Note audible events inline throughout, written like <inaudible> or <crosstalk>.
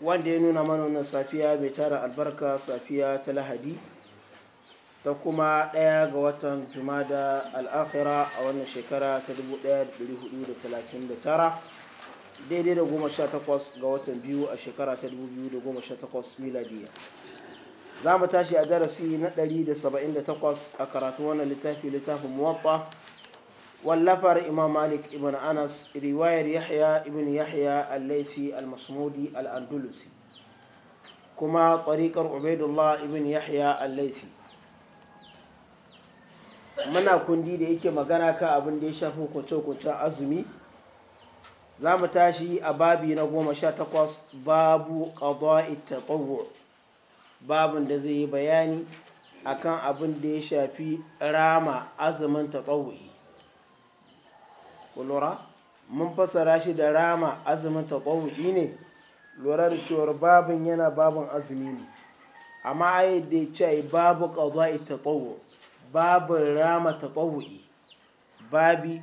wanda ya nuna mana wannan safiya bai tara albarka safiya ta lahadi ta kuma ɗaya ga watan jumada al'afira a wannan shekara ta 1439 daidai da goma sha takwas ga watan biyu a shekara ta 2018 miladiya za mu tashi a darasi na 178 a karatu wannan littafi littafin muwaffa wallafar imam malik ibn anas riwayar yahya ibn yahya al-laifi al-masmudi al andulusi kuma tsarikar ubaidullah ibn yahya al-laifi muna kundi da yake magana kan abin da ya shafi kwace-kwacen azumi za mu tashi a babi na goma sha takwas babu ƙadu'a'id taɓawo babin da zai yi bayani akan abin da ya shafi rama azumin taɓawo'i kulura mun fassara shi da rama azumin taɓawu'i ne lura da cewar babin yana babin azumi ne amma ai da ya ce babu ƙaza'i taɓawu babin rama taɓawu'i babi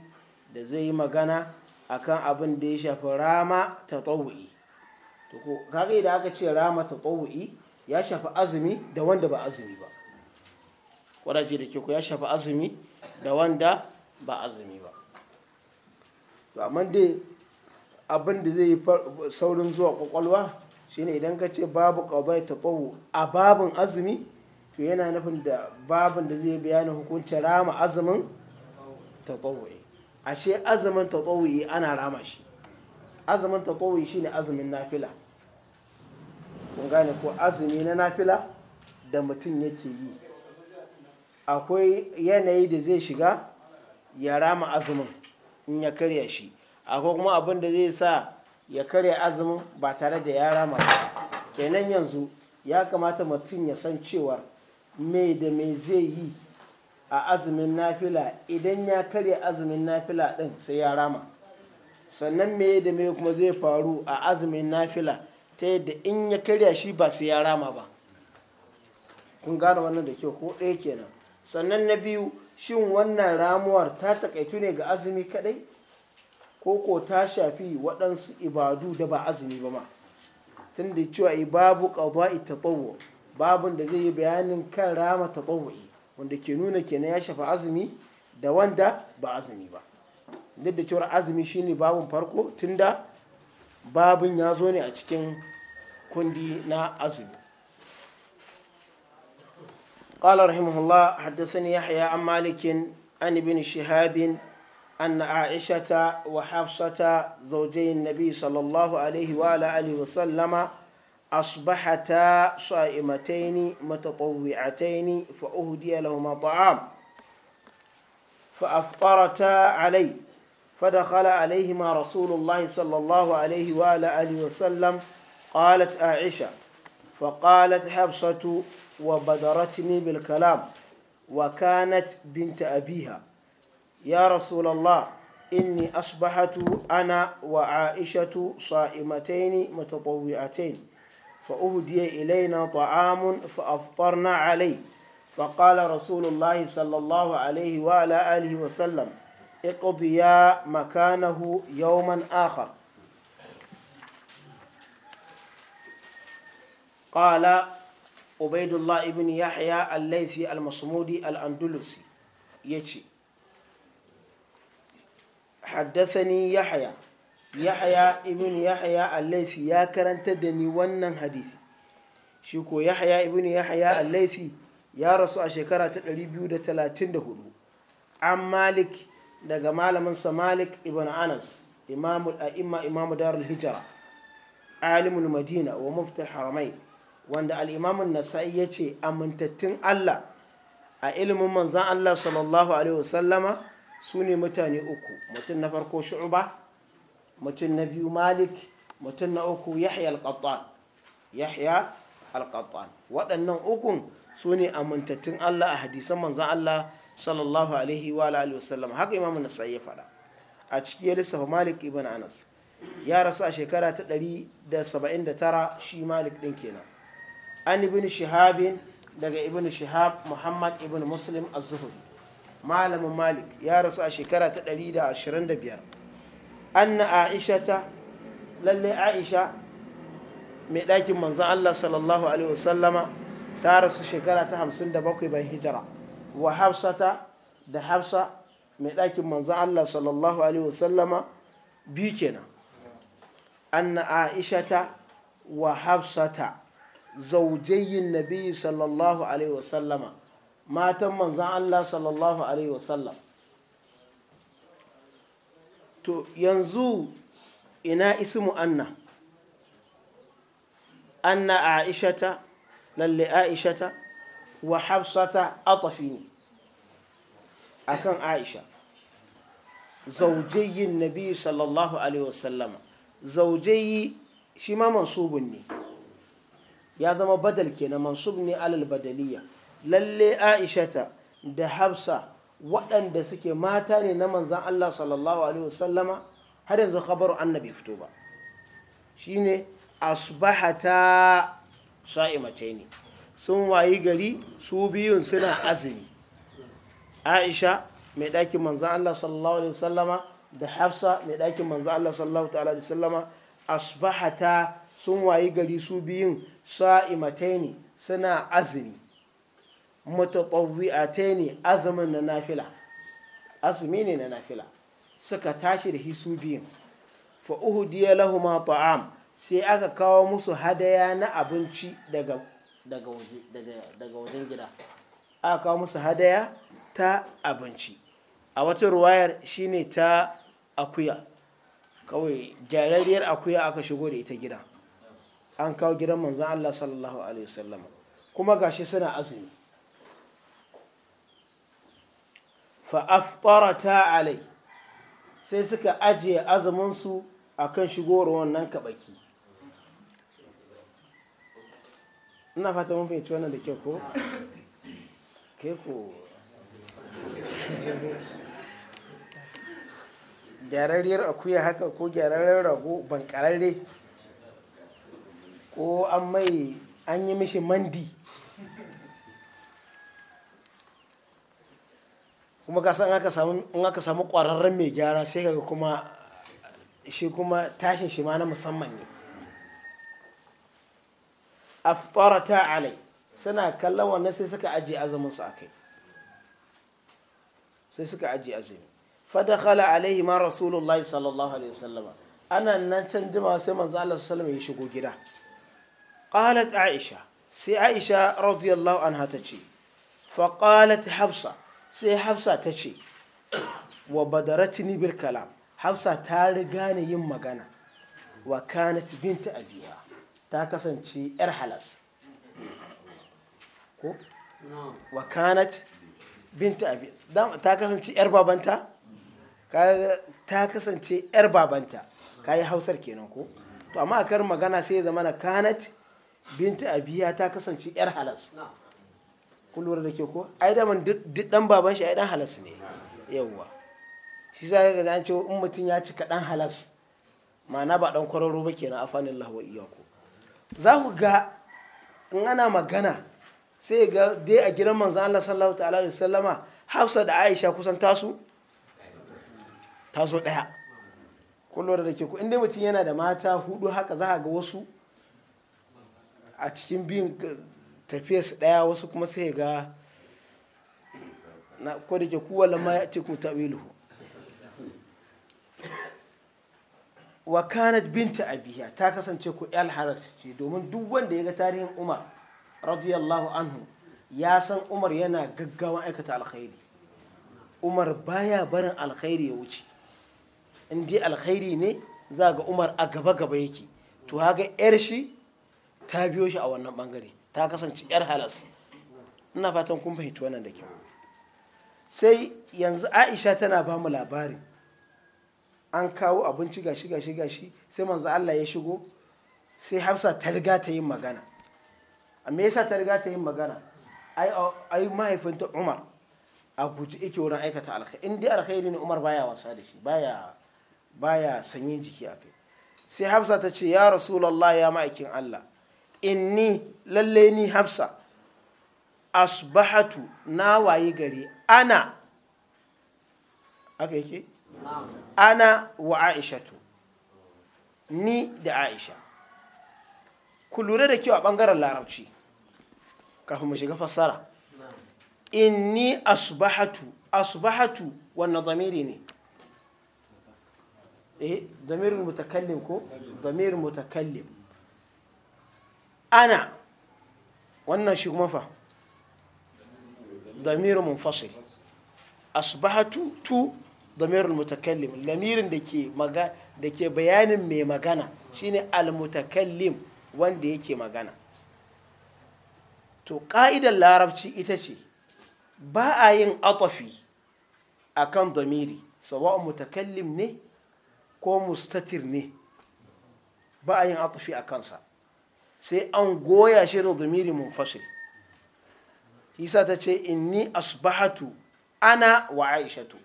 da zai yi magana akan abin da ya shafi rama taɓawu'i kaga da aka ce rama taɓawu'i ya shafi azumi da wanda ba azumi ba ƙwararci da ke ku ya shafi azumi da wanda ba azumi to amma dai abin da zai yi saurin zuwa kwakwalwa shine idan ka ce babu kawai ta tsawo a babin azumi to yana nufin da babin da zai bayanin hukuncin rama azumin ta tsawo ashe azumin ta tsawo ana rama shi azumin ta tsawo shine azumin nafila kun gane ko azumi na nafila da mutum yake yi akwai yanayi da zai shiga ya rama azumin in ya karya shi akwai kuma abin da zai sa ya karya azumin ba tare da ya rama kenan yanzu ya kamata mutum ya san cewa mai da mai zai yi a azumin nafila idan ya karya azumin nafila din sai ya rama sannan mai da mai kuma zai faru a azumin nafila ta yadda in ya karya shi ba sai ya rama ba kun gane wannan da kyau ko ɗaya kenan sannan na biyu shin wannan ramuwar ta takaitu ne ga azumi kadai ko ko ta shafi waɗansu ibadu da ba azumi ba ma tun da cewa babu ta tsawo, babun da zai yi bayanin kan rama ta yi, wanda ke nuna kenan ya shafa azumi da wanda ba azumi ba duk da cewar azumi shine babun farko tunda babun ya zo ne a cikin kundi na azumi قال رحمه الله حدثني يحيى عن مالك عن ابن شهاب أن عائشة وحفصة زوجي النبي صلى الله عليه وعلى آله وسلم أصبحتا صائمتين متطوعتين فأهدي لهما طعام فأفطرتا عليه فدخل عليهما رسول الله صلى الله عليه وعلى آله وسلم قالت عائشة فقالت حفصة وبدرتني بالكلام وكانت بنت أبيها يا رسول الله إني أصبحت أنا وعائشة صائمتين متطوعتين فأهدي إلينا طعام فأفطرنا عليه فقال رسول الله صلى الله عليه وعلى آله وسلم اقضيا مكانه يوما آخر قال ubaidullah ibn yahya al-laisi al-masmudi al-andalusi yace haddathani yahya yahya ibn yahya al-laisi ya karanta da ni wannan hadisi shi ko yahya ibn yahya al-laisi ya rasu a shekara ta 234 an malik daga malaminsa malik ibn anas imamul a'imma imamu darul hijra alimul madina wa mufti haramai wanda al'imamun nasa'i ya ce amintattun Allah a ilimin manzan Allah sallallahu Alaihi wasallama su ne mutane uku mutum na farko shu'uba mutum na biyu malik mutum na uku yahya al yahya al waɗannan ukun su ne amintattun Allah a hadisan manzan Allah sallallahu Alaihi Alaihi wasallama haka imamun nasa'i ya faɗa a ciki ya lissafa malik ibn anas ya rasu a shekara ta 179 shi malik ɗin kenan an ibn shihab daga ibn shihab muhammad ibn muslim az-zuhri malamin malik ya rasu a shekara ta 125 anna aisha ta lalle aisha mai ɗakin manzan allah sallallahu alaihi wasallama ta rasu shekara ta 57 bayan hijira wa ta da hafsa mai ɗakin manzan allah sallallahu alaihi wasallama biyu kenan anna aisha ta wa ta zaujayin nabi sallallahu alaihi wasallama matan manzan Allah sallallahu alaihi wasallam to yanzu ina ismu anna anna aishata lalle aishata wa hafsata atafi ne akan aisha zaujayin nabi sallallahu alaihi wasallama zaujayi shi ma mansubun ne ya zama badal kenan mansub ne alal badaliya lalle aishata da hafsa waɗanda suke mata ne na manzan Allah sallallahu alaihi wasallama har yanzu an annabi fito ba Shi ne asbahata sha'imace ne sun wayi gari su biyun suna azumi aisha mai ɗakin manzan Allah sallallahu alaihi wasallama da hafsa mai ɗakin manzan Allah sallallahu alaihi wasallama asbahata sun wayi gari su biyun sa'imataini suna azumi mutatawwi'ataini azumin na nafila azumi ne na nafila suka tashi da hisu biyun fa diya lahuma ta'am sai aka kawo musu hadaya na abinci daga wajen gida aka kawo musu hadaya ta abinci a wata ruwayar shine ta akuya kawai gyararriyar akuya aka shigo da ita gida an kawo gidan manzan Allah sallallahu alaihi wasallam kuma gashi suna azumi fa ta alai sai suka ajiye azumin su akan shigowar wannan kaɓaki ina fata mun fahimci wannan da ke ko ke ko gyararriyar akuya haka ko gyararren rago bankararre ko an mai an yi mishi mandi kuma ka san aka samu kwararren mai gyara sai kaga kuma shi kuma tashin shi ma na musamman ne a ta alai suna kallon wannan sai suka ajiye azumin su akai sai suka ajiye azumi fadakhala alaihi ma rasulullahi sallallahu alaihi wasallama ana nan can jima sai manzo Allah sallallahu alaihi wasallam ya shigo gida qalat aisha sai aisha radiyallahu anha ta ce fa qalat hafsa sai hafsa ta ce wa badaratni bil kalam hafsa ta riga ni yin magana wa kanat bint abiha ta kasance yar halas babanta kayi hausar kenan ko magana sai ya zama binti abiya ta kasance yar halas kun lura da ke ko ai daman duk dan baban shi ai dan halas ne yawwa shi za ka ga ce in mutum ya cika dan halas ma'ana ba dan kwararo ba kenan afanin wa iyyaku za ku ga in ana magana sai ga dai a gidan manzon Allah sallallahu ta'ala alaihi wasallama Hafsa da Aisha kusan tasu tasu daya kun lura da ke ko inda mutum yana da mata hudu haka za ka ga wasu a cikin biyun tafiyar su daya wasu kuma sai ga na ko ke kuwa lama ya ce ku ta'wiluhu wa kanat binta abiya ta kasance ku yal haras ce domin duk wanda ya ga tarihin umar radiyallahu anhu ya san umar yana gaggawan aikata alkhairi umar baya barin alkhairi ya wuce in alkhairi ne za ga umar a gaba gaba yake to haka yar shi ta biyo shi a wannan bangare ta kasance yar halas ina fatan kun fahimci wannan da kyau sai yanzu aisha tana ba mu labari an kawo abinci gashi gashi gashi sai manzo Allah ya shigo sai hafsa ta riga ta yin magana amma yasa ta riga ta yin magana ai mahaifinta umar a guji ike wurin aikata alkhairi in dai alkhairi ne umar baya wasa da shi baya baya sanyin jiki a kai sai hafsa ta ce ya rasulallah ya ma'aikin allah inni lalle ni hafsa asbahatu na waye gari ana aka yake ana wa aishatu ni da aisha ku lura da kyau a ɓangaren larabci kafin mu shiga fassara inni asbahatu asbahatu wannan zamiri ne eh zamirin mutakallim ko zamirin mutakallim ana wannan shi kuma fa damirin munfasil asbahatu tu damirin mutakallim lamirin da ke bayanin mai magana shine almutakallim wanda yake magana to ƙa'idar larabci ita ce ba a yin atafi a kan damiri sawa'un mutakallim ne ko mustatir ne ba a yin atafi a kansa sai an goya shi da mun munfasil isa ta ce inni asbahatu ana wa aishatu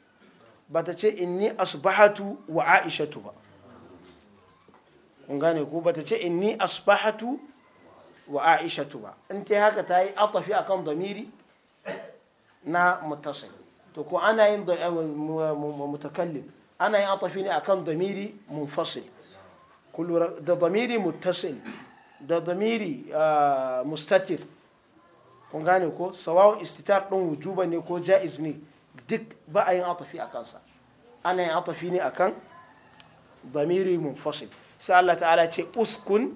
ba ta ce inni asbahatu wa aishatu ba kun gane ko ba ta ce inni asbahatu wa aishatu ba in ta haka ta yi atafi akan zamiri na mutasil to ko ana yin eh, mutakallim ana yin atafi ne akan mun munfasil da zamiri mutasil da zamiri mustatir kun gane ko sawawun istitar ɗin wujuba ne ko ja'iz ne duk ba a yin atafi a kansa ana yin atafi ne akan zamiri munfasil sai Allah ta'ala ce uskun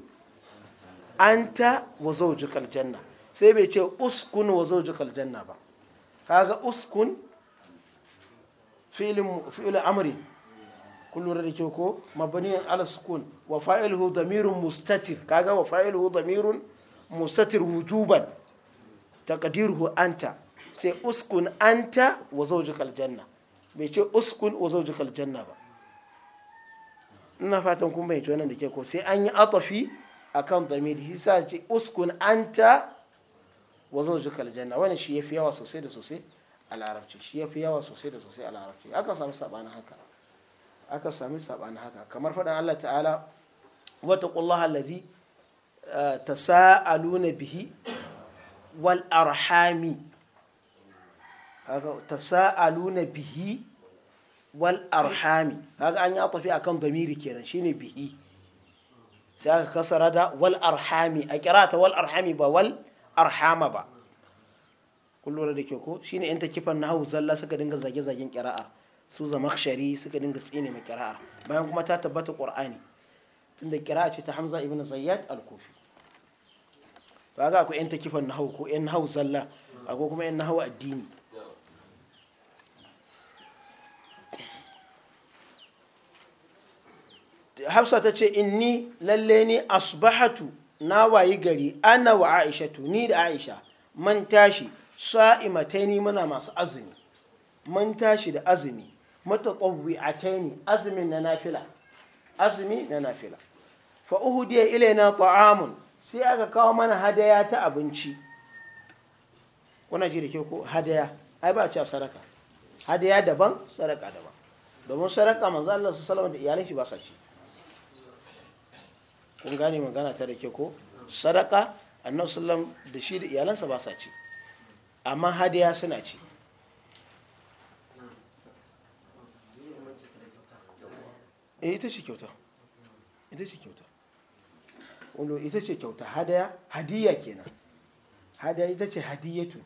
anta wa zawjikal janna sai bai ce uskun wa zawjikal janna ba kaga uskun fi'il fi'il kun lura da kyau ko mabaniyan ala sukun wa fa'iluhu damirun mustatir kaga wa fa'iluhu damirun mustatir wujuban taqdiruhu anta sai uskun anta wa zawjuka aljanna bai ce uskun wa zawjuka aljanna ba ina fatan kun bayyana wannan da ke ko sai an yi atafi akan damiri shi sa ce uskun anta wa zawjuka aljanna wannan shi yafi yawa sosai da sosai a larabci shi yafi yawa sosai da sosai a larabci aka samu sabanin haka aka sami saɓani haka kamar faɗin Allah ta'ala wata ƙullaha lazi eh, ta sa'aluna bihi wal arhami ta bihi wal arhami haka an yi atafi akan damiri kenan shine bihi sai aka kasara da wal arhami a kira ta wal arhami ba wal arhama ba kullu da ke ko shine in ta kifan na hau zalla suka dinga zage-zagen kira'a su shari suka dinga tsine mai kira'a bayan kuma ta tabbata qur'ani tunda kira'a ce ta hamza ibn zayyad al-kufi ba ga ku yan na hau ko yan hau zalla ko kuma yan nahau addini hafsa ta ce inni lalle ni asbahatu na wayi gari ana wa tu ni da aisha man tashi sa'imataini muna masu azumi man tashi da azumi متطوعتين أزم نافلة أزم نافلة فأهدي إلينا طعام mana hadaya هدايا تأبنشي kuna ji da ke ko hadaya ai ba a cewa sadaka hadaya daban sadaka daban domin sadaka manzo Allah su da iyalin shi ba sa kun gane magana ta da ke ko sadaka annabi sallam da shi da iyalansa ba sa ci amma hadaya suna ci eh ita ce kyauta ita ce kyauta wanda ita ce kyauta hadaya hadiya kenan hadaya ita ce hadiyatu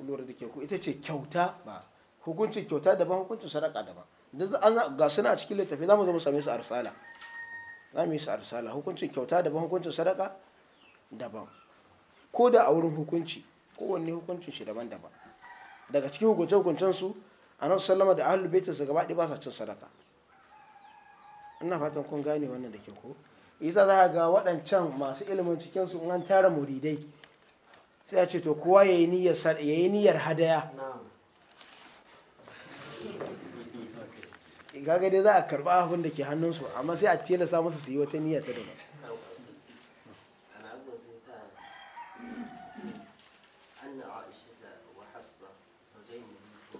lura da ke ku ita ce kyauta ba hukuncin kyauta daban hukuncin sadaka daban ga suna a cikin littafi za mu zo mu same su arsala risala za mu yi su arsala hukuncin kyauta daban hukuncin sadaka daban ko da a wurin hukunci kowanne hukuncin shi daban daban daga cikin hukunce hukuncen su a nan sallama da ahlul baitin su gaba ɗaya ba sa cin sadaka ina fatan kun gane wannan da ke ko isa za a ga waɗancan masu ilimin cikinsu. in an tara muridai sai a ce to kowa ya yi niyyar hadaya gaga dai za a karɓa abin da ke hannunsu amma sai a tilasta musu su yi wata niyyar ta dama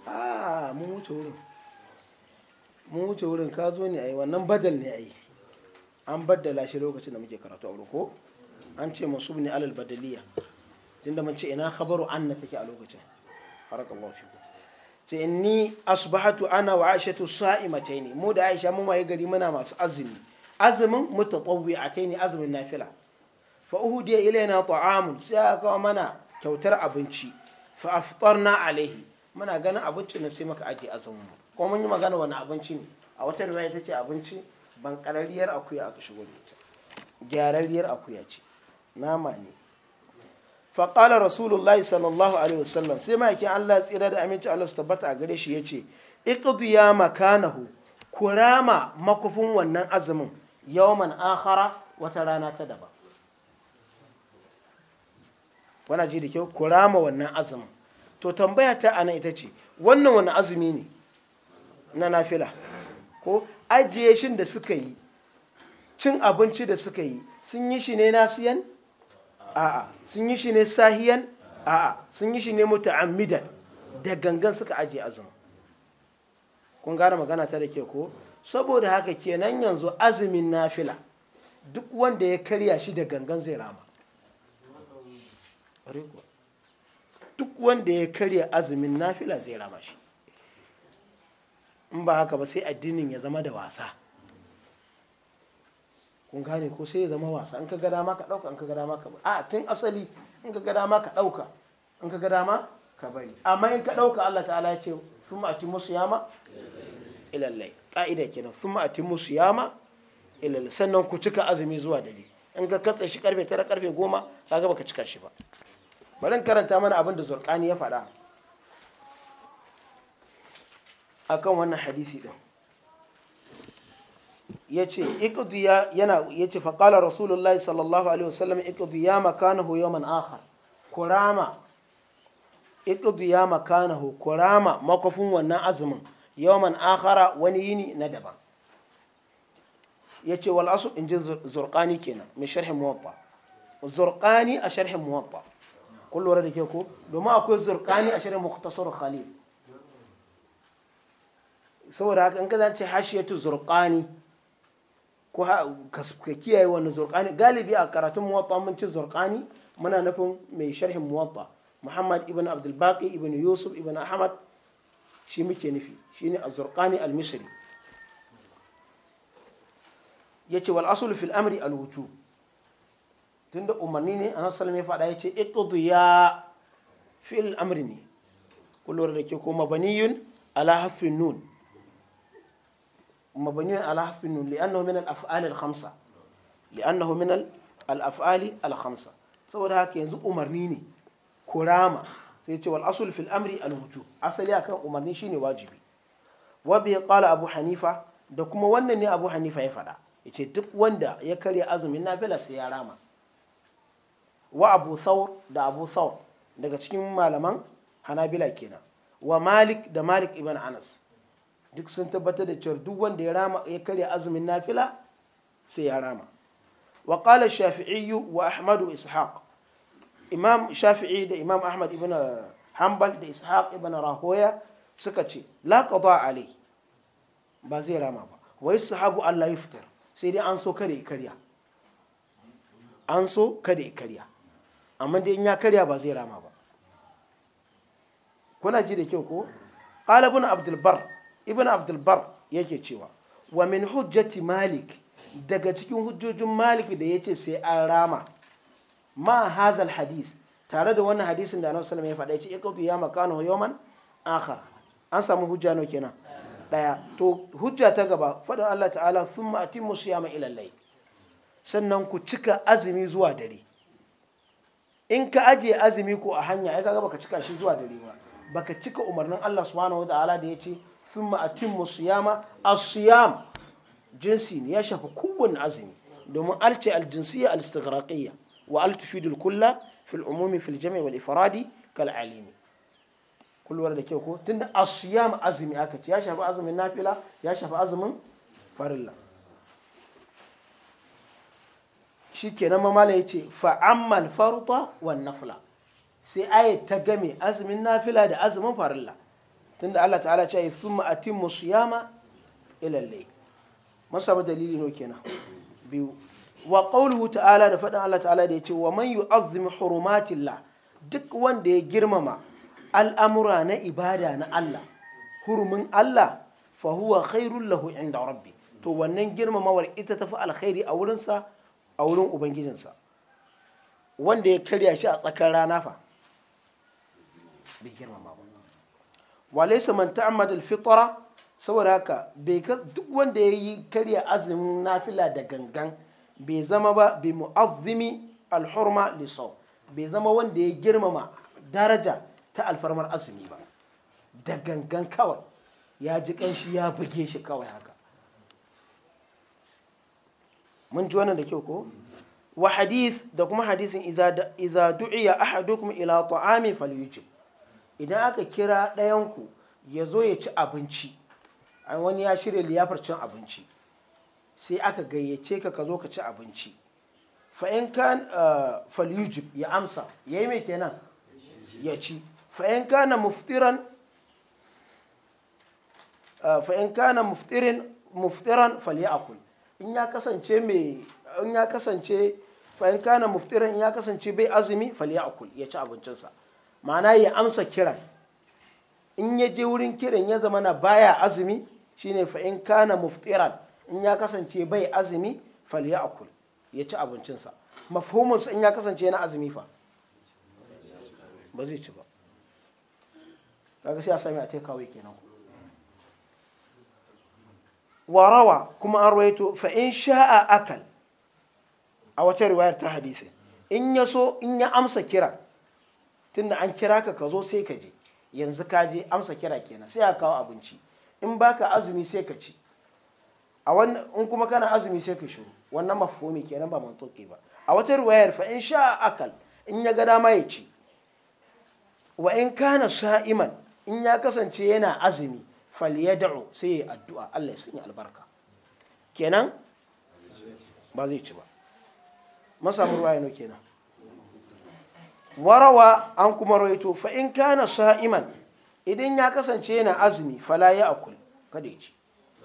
a ah, mu wurin mun wuce wurin ka zo ne a yi wannan badal ne a yi an baddala shi lokacin da muke karatu a ko an ce masu ne alal badaliya tunda mun ce ina khabaru anna take a lokacin barakallahu fiku ce inni asbahatu ana wa aishatu sa'imataini mu da aisha mu waye gari muna masu azumi azumin a ne azumin nafila fa uhdiya ilaina ta'amun sai aka mana kyautar abinci fa aftarna alaihi muna ganin abinci ne sai maka ajiye azumin mu ko mun yi magana wani abinci ne a wata riwaya ta ce abinci ban kararriyar akuya aka shigo da ita gyararriyar akuya ce nama ne qala rasulullahi sallallahu alaihi wasallam sai ma'aikin allah tsira da aminci allah su tabbata a gare shi ya ce ya makanahu kurama makufin wannan azumin yawman akhara wata rana ta daban wana ji da kyau kurama wannan azumin to tambaya ta ana ita ce wannan wani azumi ne na nafila ko ajiye shin da suka yi cin abinci da suka yi sun yi shi ne nasiyan a'a sun yi shi ne sahiyan a'a sun yi shi ne muta'ammidan da gangan suka ajiye azumi kun gara magana ta da ke ko saboda haka kenan yanzu azumin nafila duk wanda ya karya shi da gangan zai rama duk wanda ya karya azumin nafila zai rama shi in ba haka ba sai addinin ya zama da wasa kun gane ko sai ya zama wasa in ka ga dama ka dauka in ka ga dama ka bari a tun asali in ka ga dama ka dauka in ka ga dama ka bari amma in ka dauka Allah ta'ala ya ce summa atimu siyama ila layl ka'ida kenan summa tun siyama yama ilallai sannan ku cika azumi zuwa dare in ka katse shi karfe 9 karfe 10 kaga baka cika shi ba bari karanta mana abin da zurkani ya faɗa a kan wannan hadisi din ya ce yana ya ce faƙala rasulullahi sallallahu alaihi wasallam iqdu ya makanahu yawman akhar kurama iqdu ya makanahu kurama makofin wannan azumin yawman akhara wani yini na daban ya ce wal in ji zurqani kenan mai sharhin muwatta zurqani a sharhin muwatta kun lura da ke ko domin akwai zurkani a shirin muktasar khalil saboda haka in ka zance hashiyatu zurkani ko ka kiyaye wani zurkani galibi a karatun muwatta mun ci zurkani muna nufin mai sharhin muwatta muhammad ibn abdulbaki ibn yusuf ibn ahmad shi muke nufi shine az-zurqani al-misri yace wal asulu fil amri al-wujub tunda umarni ne annabi sallallahu ya faɗa yace ya fi'l amri ne kullum da ke ko mabaniyun ala hafin nun mabaniyun ala hafin nun li'annahu min al Af'ali al-khamsa li'annahu min al-af'al al-khamsa saboda haka yanzu umarni ne kurama sai ce wal asul fil amri al-wujub asali akan umarni shine wajibi wa bi qala abu hanifa da kuma wannan ne abu hanifa ya faɗa yace duk wanda ya karya azumin nafila sai ya rama wa abu saur da abu saur daga cikin malaman hanabila kenan wa malik da malik ibn anas duk sun tabbatar da cewar duk wanda ya rama ya karya azumin nafila sai ya rama wa qala shafi'i wa ahmadu ishaq imam shafi'i da imam ahmad ibn hanbal da ishaq ibn rahoya suka ce la qada alai ba zai rama ba wai sahabu Allah ya fitar sai dai an so kada ya an so kada ya karya amma dai in ya karya ba zai rama ba kuna ji da kyau ko qala ibn abdul bar ibn abdul bar yake cewa wa min hujjati malik daga cikin hujjojin malik da yace sai an rama ma hadal hadith tare da wannan hadisin da annabi sallallahu alaihi wasallam ya faɗa yace ikautu ya makanu yawman akhar an samu hujja no kenan daya to hujja ta gaba faɗin Allah ta'ala thumma atimmu siyama ila layl sannan ku cika azumi zuwa dare in ka ajiye azumi ko a hanya ya kaga baka cika shi zuwa dare ba baka cika umarnin Allah subhanahu wataala da yace thumma atimmu siyama as-siyam jinsi ne ya shafi kowanne azumi domin alce al-jinsiyya al-istighraqiyya wa al-tufidu kulla fil umumi fi al-jami' wal ifradi kal alimi kullu da kyau ko tunda as-siyam azumi aka ce ya shafi azumin nafila ya shafi azumin farilla shi kenan mamala ya ce fa'ammal faruta wa nafla sai aya ta game azumin nafila da azumin farilla tunda Allah ta'ala ce yi sun ma'atin musu yama ilallai masu dalili no kenan biyu wa ƙaunuhu ta'ala da faɗin Allah ta'ala da ya ce wa man yi azumi duk wanda ya girmama al'amura na ibada na Allah hurumin Allah fa huwa khairun lahu inda rabbi to wannan girmamawar ita tafi alkhairi a wurinsa a wurin ubangijinsa wanda ya karya shi a tsakar rana fa bai girmama ba walaisa man ta'ammad al-fitra saboda haka duk wanda ya karya azumin nafila da gangan bai zama ba bi mu'azzimi al-hurma li bai zama wanda ya girmama daraja ta alfarmar azumi ba da gangan kawai ya ji kanshi ya buge shi kawai haka mun ji wannan da kyau ko wa hadith da kuma hadisin idza du'iya ahadukum ila ta'ami falyujib idan aka kira ɗayan ku ya zo ya ci abinci an wani ya shirya liyafar cin abinci sai aka gayyace ka ka zo ka ci abinci fa in kan eh, falyujib ya amsa yayi me kenan ya ci fa in kana muftiran eh, fa in kana muftirin muftiran falyakul in ya kasance mai in ya kasance fa'in kana muftiran in ya kasance bai azumi falyakul ya ci abincinsa ma'ana ya amsa kiran in ya je wurin kiran ya zama na baya azumi shine fa kana muftiran in ya kasance bai azumi falyakul ya ci abincinsa mafhumus in ya kasance na azumi fa ba zai ci ba kaga sai a sami a taikawai kenan ku warawa kuma an ruwaito fa in sha'a akal a wata riwayar ta hadisi in ya so in ya amsa kira tunda an kira ka ka zo sai ka je yanzu ka je amsa kira kenan sai aka kawo abinci in baka azumi sai ka ci a wannan in kuma kana azumi sai ka shiru wannan mafhumi kenan ba mantoki ba a wata riwayar fa in sha'a akal in ya ga dama ya ci wa in kana sha'iman in ya kasance yana azumi falyad'u sai addu'a Allah ya sanya albarka kenan ba zai ci ba masa ruwaya no kenan warawa an kuma rawaito fa in kana sa'iman idan ya kasance yana azumi fala ya akul kada ya ci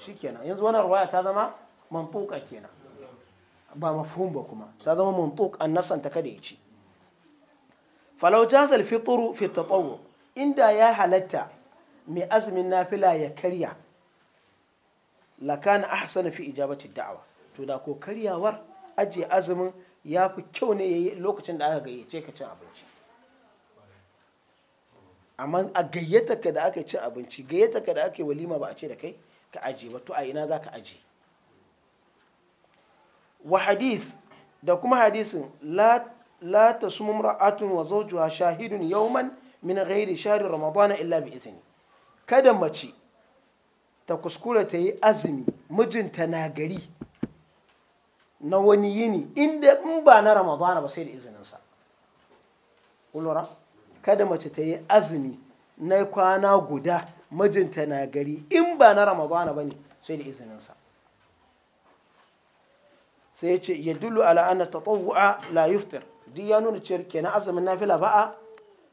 shikenan yanzu wannan ruwaya ta zama mantuka kenan ba mafhum ba kuma ta zama mantuk an nasanta kada ya ci falau jazal fitru fi tatawwu inda ya halatta mai azumin nafila ya karya lakana ahsana fi ijabati da'awa to da ko karyawar ajiye azumin ya fi kyau ne yayi lokacin da aka gayyace ka cin abinci amma a gayyata ka da aka cin abinci gayyata ka da aka walima ba a ce da kai ka ajiye ba to a ina za ka ajiye wa hadis da kuma hadisin la tasumum ra'atun wa zawjuha shahidun yauman min ghairi shahri ramadana illa bi izini. kada mace ta kuskura ta yi azumi mijinta na gari na wani yini inda in ba na ramadana ba sai da izininsa ulura kada mace ta yi azumi na kwana guda mijinta na gari in ba na ramadana ba ne sai da izininsa sai ya ce ya dullu ala'ana ta tatawwa la yuftir duk ya nuna cewa kenan azumin nafila ba a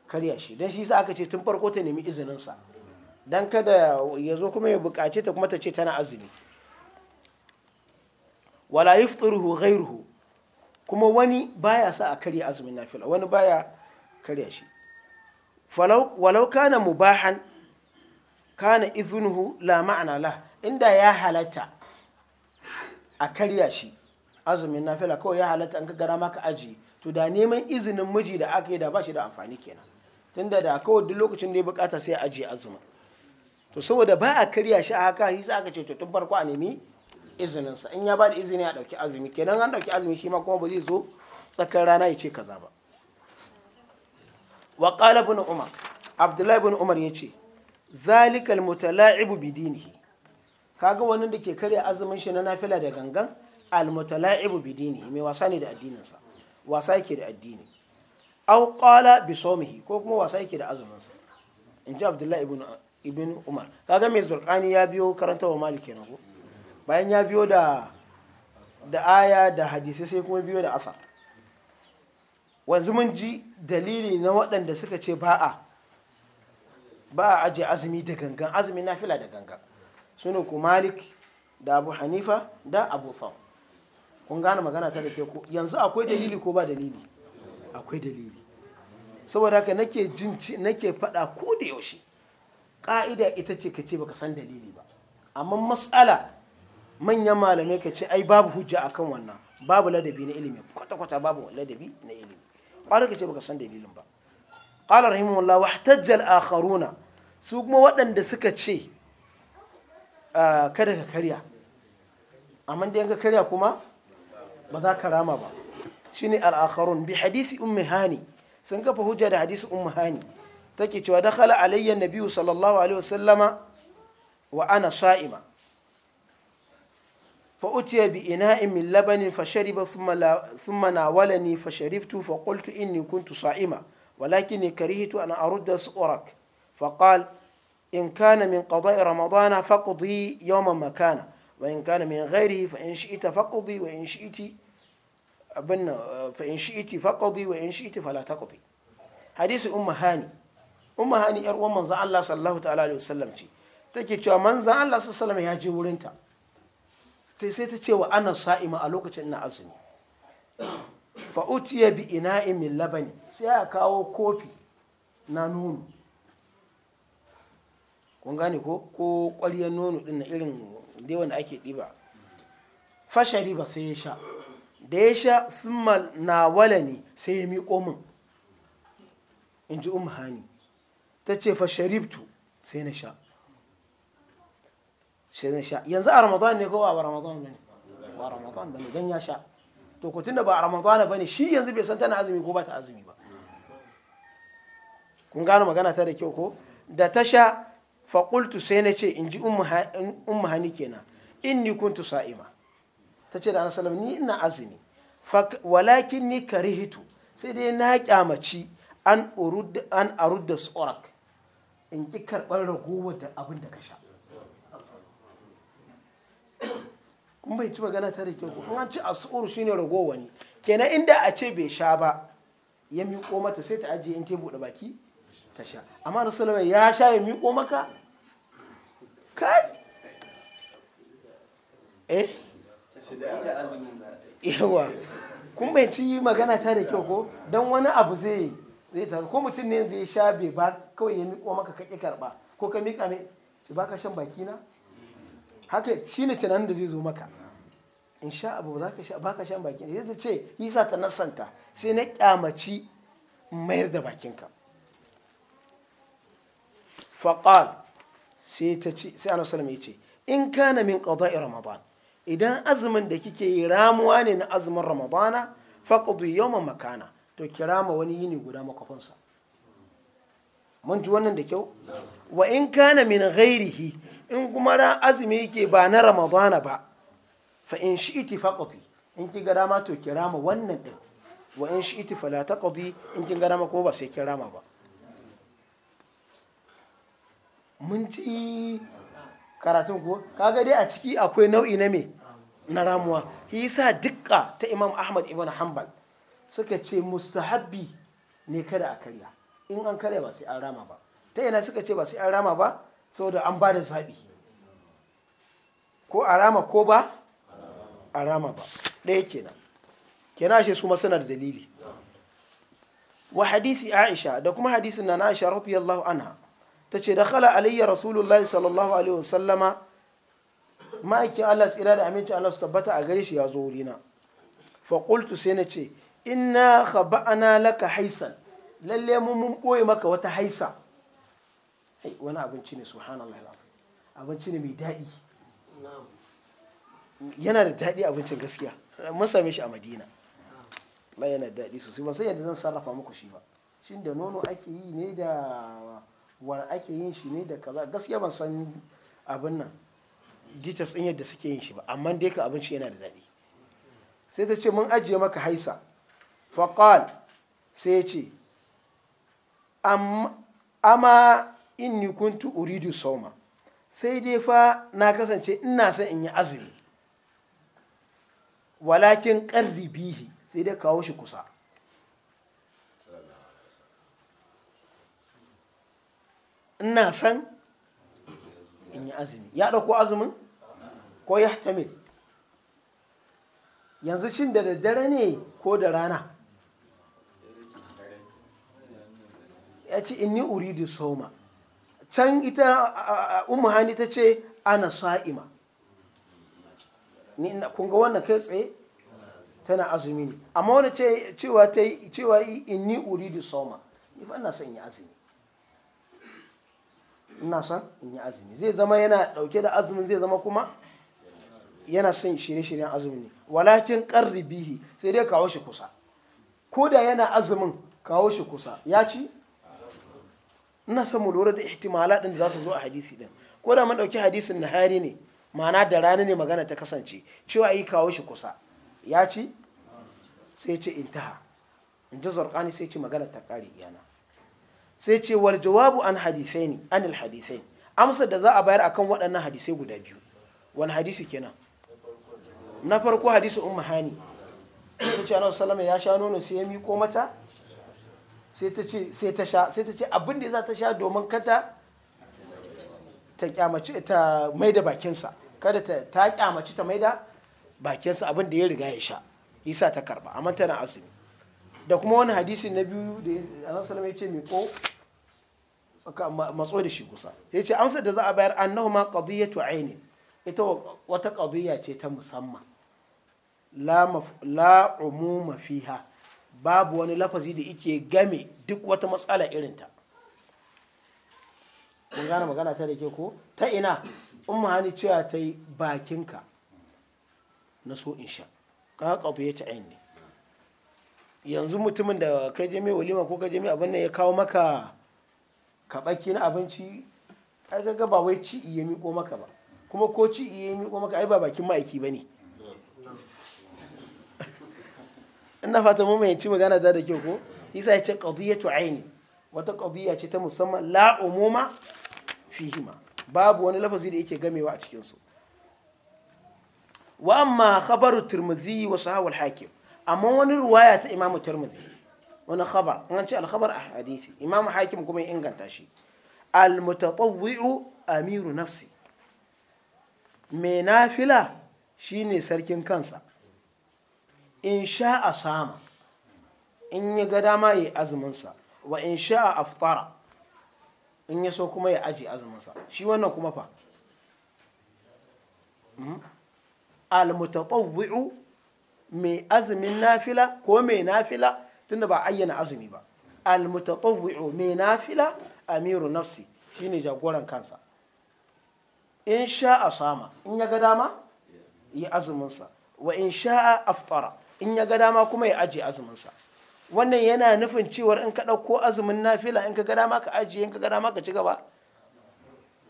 karya shi dan shi sa aka ce tun farko ta nemi izininsa don kada ya zo kuma ya buƙace ta kuma ta ce tana azumi wala yafṭiruhu ghayruhu kuma wani baya sa a karya azumin nafila wani baya karya shi walau kana mubahan kana izunuhu la ma'ana la inda ya halatta a karya shi azumin nafila kawai ya halatta an gara maka aji to da neman izinin miji da aka yi da ba shi da amfani kenan tunda da kawai duk lokacin da ya bukata sai aji azumin to saboda ba a karya shi a haka hisa aka ce to tun farko a nemi izininsa in ya ba da izini a ɗauki azumi kenan an ɗauki azumi shi ma kuma ba zai zo tsakar rana ya ce kaza ba wa qala ibn umar abdullahi ibn umar yace zalikal mutala'ibu bi dinihi kaga wannan da ke karya azumin shi na nafila da gangan al mutala'ibu bi dinihi mai wasa ne da addininsa wasa yake da addini aw qala bi sawmihi ko kuma wasa yake da azumin sa in ji abdullahi ibn ibn umar kaga mai zurkani ya biyo karanta wa maliki kenan ko bayan ya biyo da da aya da hadisi sai kuma biyo da asa wanzu mun ji dalili na waɗanda suka ce ba a ba a aje azumi da gangan azumi na fila da gangan sune ku malik da abu hanifa da abu fam kun gane magana ta da ke ku yanzu akwai dalili ko ba dalili akwai dalili saboda haka nake jin nake faɗa ko da yaushe ƙa'ida ita ce ka ce baka san dalili ba amma matsala manyan malamai ka ce ai babu hujja akan wannan babu ladabi na ilimi kwata-kwata babu ladabi na ilimi ƙwarar ka ce baka san dalilin ba ƙalar rahimahullah wa akharuna su kuma waɗanda suka ce ah, kada ka karya amma da yanka karya kuma ba za ka rama ba shine al-akharun bi hadisi ummi hani sun kafa hujja da hadisi ummi hani take cewa dakhala alayya nabiyyu sallallahu alaihi wasallama wa ana sa'ima fa utiya bi ina'in min labanin fa shariba thumma la thumma nawalani fa sharibtu fa qultu inni kuntu sa'ima ولكني كرهت أن أرد سؤرك فقال إن كان من قضاء رمضان فاقضي يوما ما كان وإن كان من غيره فإن شئت فاقضي وإن شئت أبن فإن شئت فاقضي وإن شئت فلا تقضي حديث أم هاني umma hani yar uwan manzon Allah sallallahu ta'ala alaihi wasallam ce take cewa manzon Allah sallallahu ya je wurin ta sai sai ta ce wa ana sa'ima a lokacin na azumi fa utiya bi ina'in min labani sai ya kawo kofi na nono kun gane ko ko ƙwaryar nono din na irin dai wanda ake ɗiba fashari ba sai ya sha da ya sha sun na wala ne sai ya miƙo min in ji umma hani ta ce fa sharibtu sai na sha sai na sha yanzu a ramadan ne ko a ramadan ne ba ramadan bane dan ya sha to ko tunda ba ramadan ne shi yanzu bai san tana azumi ko ba ta azumi ba kun gano magana ta da kyau ko da ta sha fa qultu sai na ce inji ummu hani kenan inni kuntu sa'ima ta ce da ana salam ni ina azumi walakin ni karihitu sai dai na kyamaci an arudda tsorak in ki karɓar ragowar da abin da ka sha kuma bai ci magana ta da kyau kuma ci a shi ne ragowa ne kenan inda a ce bai sha ba ya miƙo mata sai ta ajiye in ke buɗe baki ta sha amma rasulullah ya sha ya miƙo maka kai eh yawa kun bai ci magana ta da kyau ko don wani abu zai yi zai taso ko mutum ne zai sha bai ba kawai ya miƙo maka ka karɓa ko ka miƙa mai ci baka shan baki na haka shine tunanin da zai zo maka in sha abu ba ka sha baka shan baki na zai ce yi sa ta nasanta sai na kyamaci mayar da bakinka faqal sai ta ce sai annabi sallallahu ce in kana min qada'i ramadan idan azumin da kike yi ramuwa ne na azumin ramadana faqdi yawman makana to kira ma wani yini guda makwafansa mun ji wannan da kyau wa in kana min ghairihi in kuma ra azumi yake ba na ramadana ba fa in shi iti faqati in ki gada ma to kira ma wannan din wa in shi iti fala taqdi in kin gada ma kuma ba sai kira ma ba mun ci karatun ko kaga dai a ciki akwai nau'i na me na ramuwa yasa dukka ta Imam Ahmad ibn Hanbal suka ce mustahabbi ne kada a karya in an karya ba sai an rama ba ta yana suka ce ba sai an rama ba saboda an ba da zaɓi ko a rama ko ba a rama ba ɗaya kenan kenan shi su masana da dalili wa hadisi aisha da kuma hadisin na aisha radiyallahu anha ta ce da khala alayya rasulullahi sallallahu alaihi wasallama ma'aikin allah tsira da amincin allah su tabbata a gare shi ya zo wurina fa qultu sai na ce inna khaba'ana laka haisan lalle mun mun boye maka wata haisa ai wani abinci ne subhanallah abinci ne mai daɗi yana da daɗi abincin gaskiya mun same shi a madina ba yana da daɗi sosai ba sai yadda zan sarrafa muku shi ba shin da nono ake yi ne da wani ake yin shi ne da kaza gaskiya ban san abin nan details ɗin yadda suke yin shi ba amma dai ka abinci yana da daɗi sai ta ce mun ajiye maka haisa faƙal sai ce amma in inni kuntu uridu soma sai dai fa na kasance ina son in yi azumi walakin bihi sai dai kawo shi kusa ina son in yi azumi ya ɗauko azumin ko ya yanzu shi da daddare ne ko da rana ya ce inni uridu soma can ita umu hani ta ce ana sa'ima kun ga wannan kai tsaye tana azumi ne amma wani cewa ta yi cewa inni uridu soma ni fa ina son yi azumi ina son in yi azumi zai zama yana dauke da azumi zai zama kuma yana son shirye-shiryen azumi ne walakin karribihi sai dai kawo shi kusa ko da yana azumin kawo shi kusa ya ci ina son mu lura da ihtimala din da za su zo a hadisi din ko da mun dauki hadisin nahari ne ma'ana da rana ne magana ta kasance cewa yi kawo shi kusa ya ci sai ce intaha in ji zarqani sai ce magana ta kare iyana sai ce wal jawabu an hadisaini anil hadisain amsa da za a bayar akan waɗannan hadisai guda biyu wani hadisi kenan na farko hadisi umma hani ce salama ya sha nono sai ya miko mata sai ta ce sai ta sha sai ta abin da za ta sha domin kata ta kyamaci ta da bakinsa kada ta ta kyamaci ta maida bakinsa abin da ya riga ya sha yasa ta karba amma tana azumi da kuma wani hadisi na biyu da Annabi sallallahu ya ce ko matso da shi kusa ya ce amsar da za a bayar annahuma qadiyatu ainin ita wata qadiyya ce ta musamman la la umuma fiha babu wani lafazi da ike game duk wata matsala irinta kun gane magana ta da ke ko ta ina in mahani cewa ta yi bakinka na so in sha ka haƙa ya ci ne yanzu mutumin da kai jami walima ko kai jami abin nan ya kawo maka kaɓaki na abinci ai ga ba wai ci iya miko maka ba kuma ko ci iya miko maka ai ba bakin ma'aiki ba ne ina fata mu mai magana ta da kyau ko isa ya ce qadiyatu aini wata qadiya ce ta musamman la umuma fihima babu wani lafazi da yake gamewa a cikin su wa amma khabaru tirmidhi wa sahahu hakim amma wani ruwaya ta imamu tirmidhi wani khabar an ce al-khabar a hadisi imamu hakim kuma ya inganta shi al-mutatawwi'u amiru nafsi mai nafila shine sarkin kansa in sha a sama in ya ga dama ya azuminsa wa in sha a aftara in ya so kuma ya aji azuminsa shi wannan kuma fa hmm? almutatawwi'u mai azumin nafila ko mai nafila tunda ba ayyana azumi ba almutatawwi'u mai nafila amiru nafsi shine jagoran kansa in sha a sama in ya ga dama yi azuminsa wa in a aftara in ya ga dama kuma ya ajiye azuminsa wannan yana nufin cewar in ka ɗauko azumin nafila in ka ga dama ka ajiye in ka ga dama ka ci gaba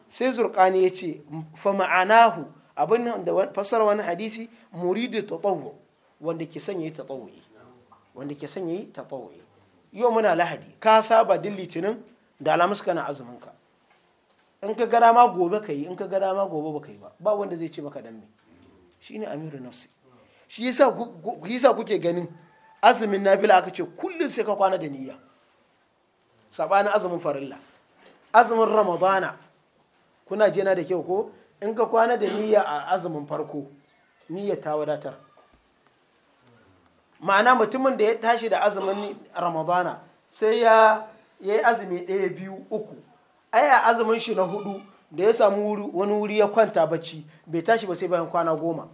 sai zurkani ya ce fa ma'anahu abin da fasar wani hadisi muridu tatawwu wanda ke sanya yi tatawwi wanda ke sanya yi tatawwi yau muna lahadi ka saba din litinin da alamus kana azumin ka in ka ga dama gobe ka yi in ka ga dama gobe ba ka yi ba ba wanda zai ce maka dan me shine amiru nafsi shi yasa kuke ganin azumin nafila aka ce kullum sai ka kwana da niyya sabanin azumin farilla azumin ramadana kuna jena da kyau ko in ka kwana da niyya a azumin farko niyya ta wadatar ma'ana mutumin da ya tashi da azumin ramadana sai ya yi azumi ɗaya biyu uku ai a azumin shi na hudu da ya samu wani wuri ya kwanta bacci bai tashi ba sai bayan kwana goma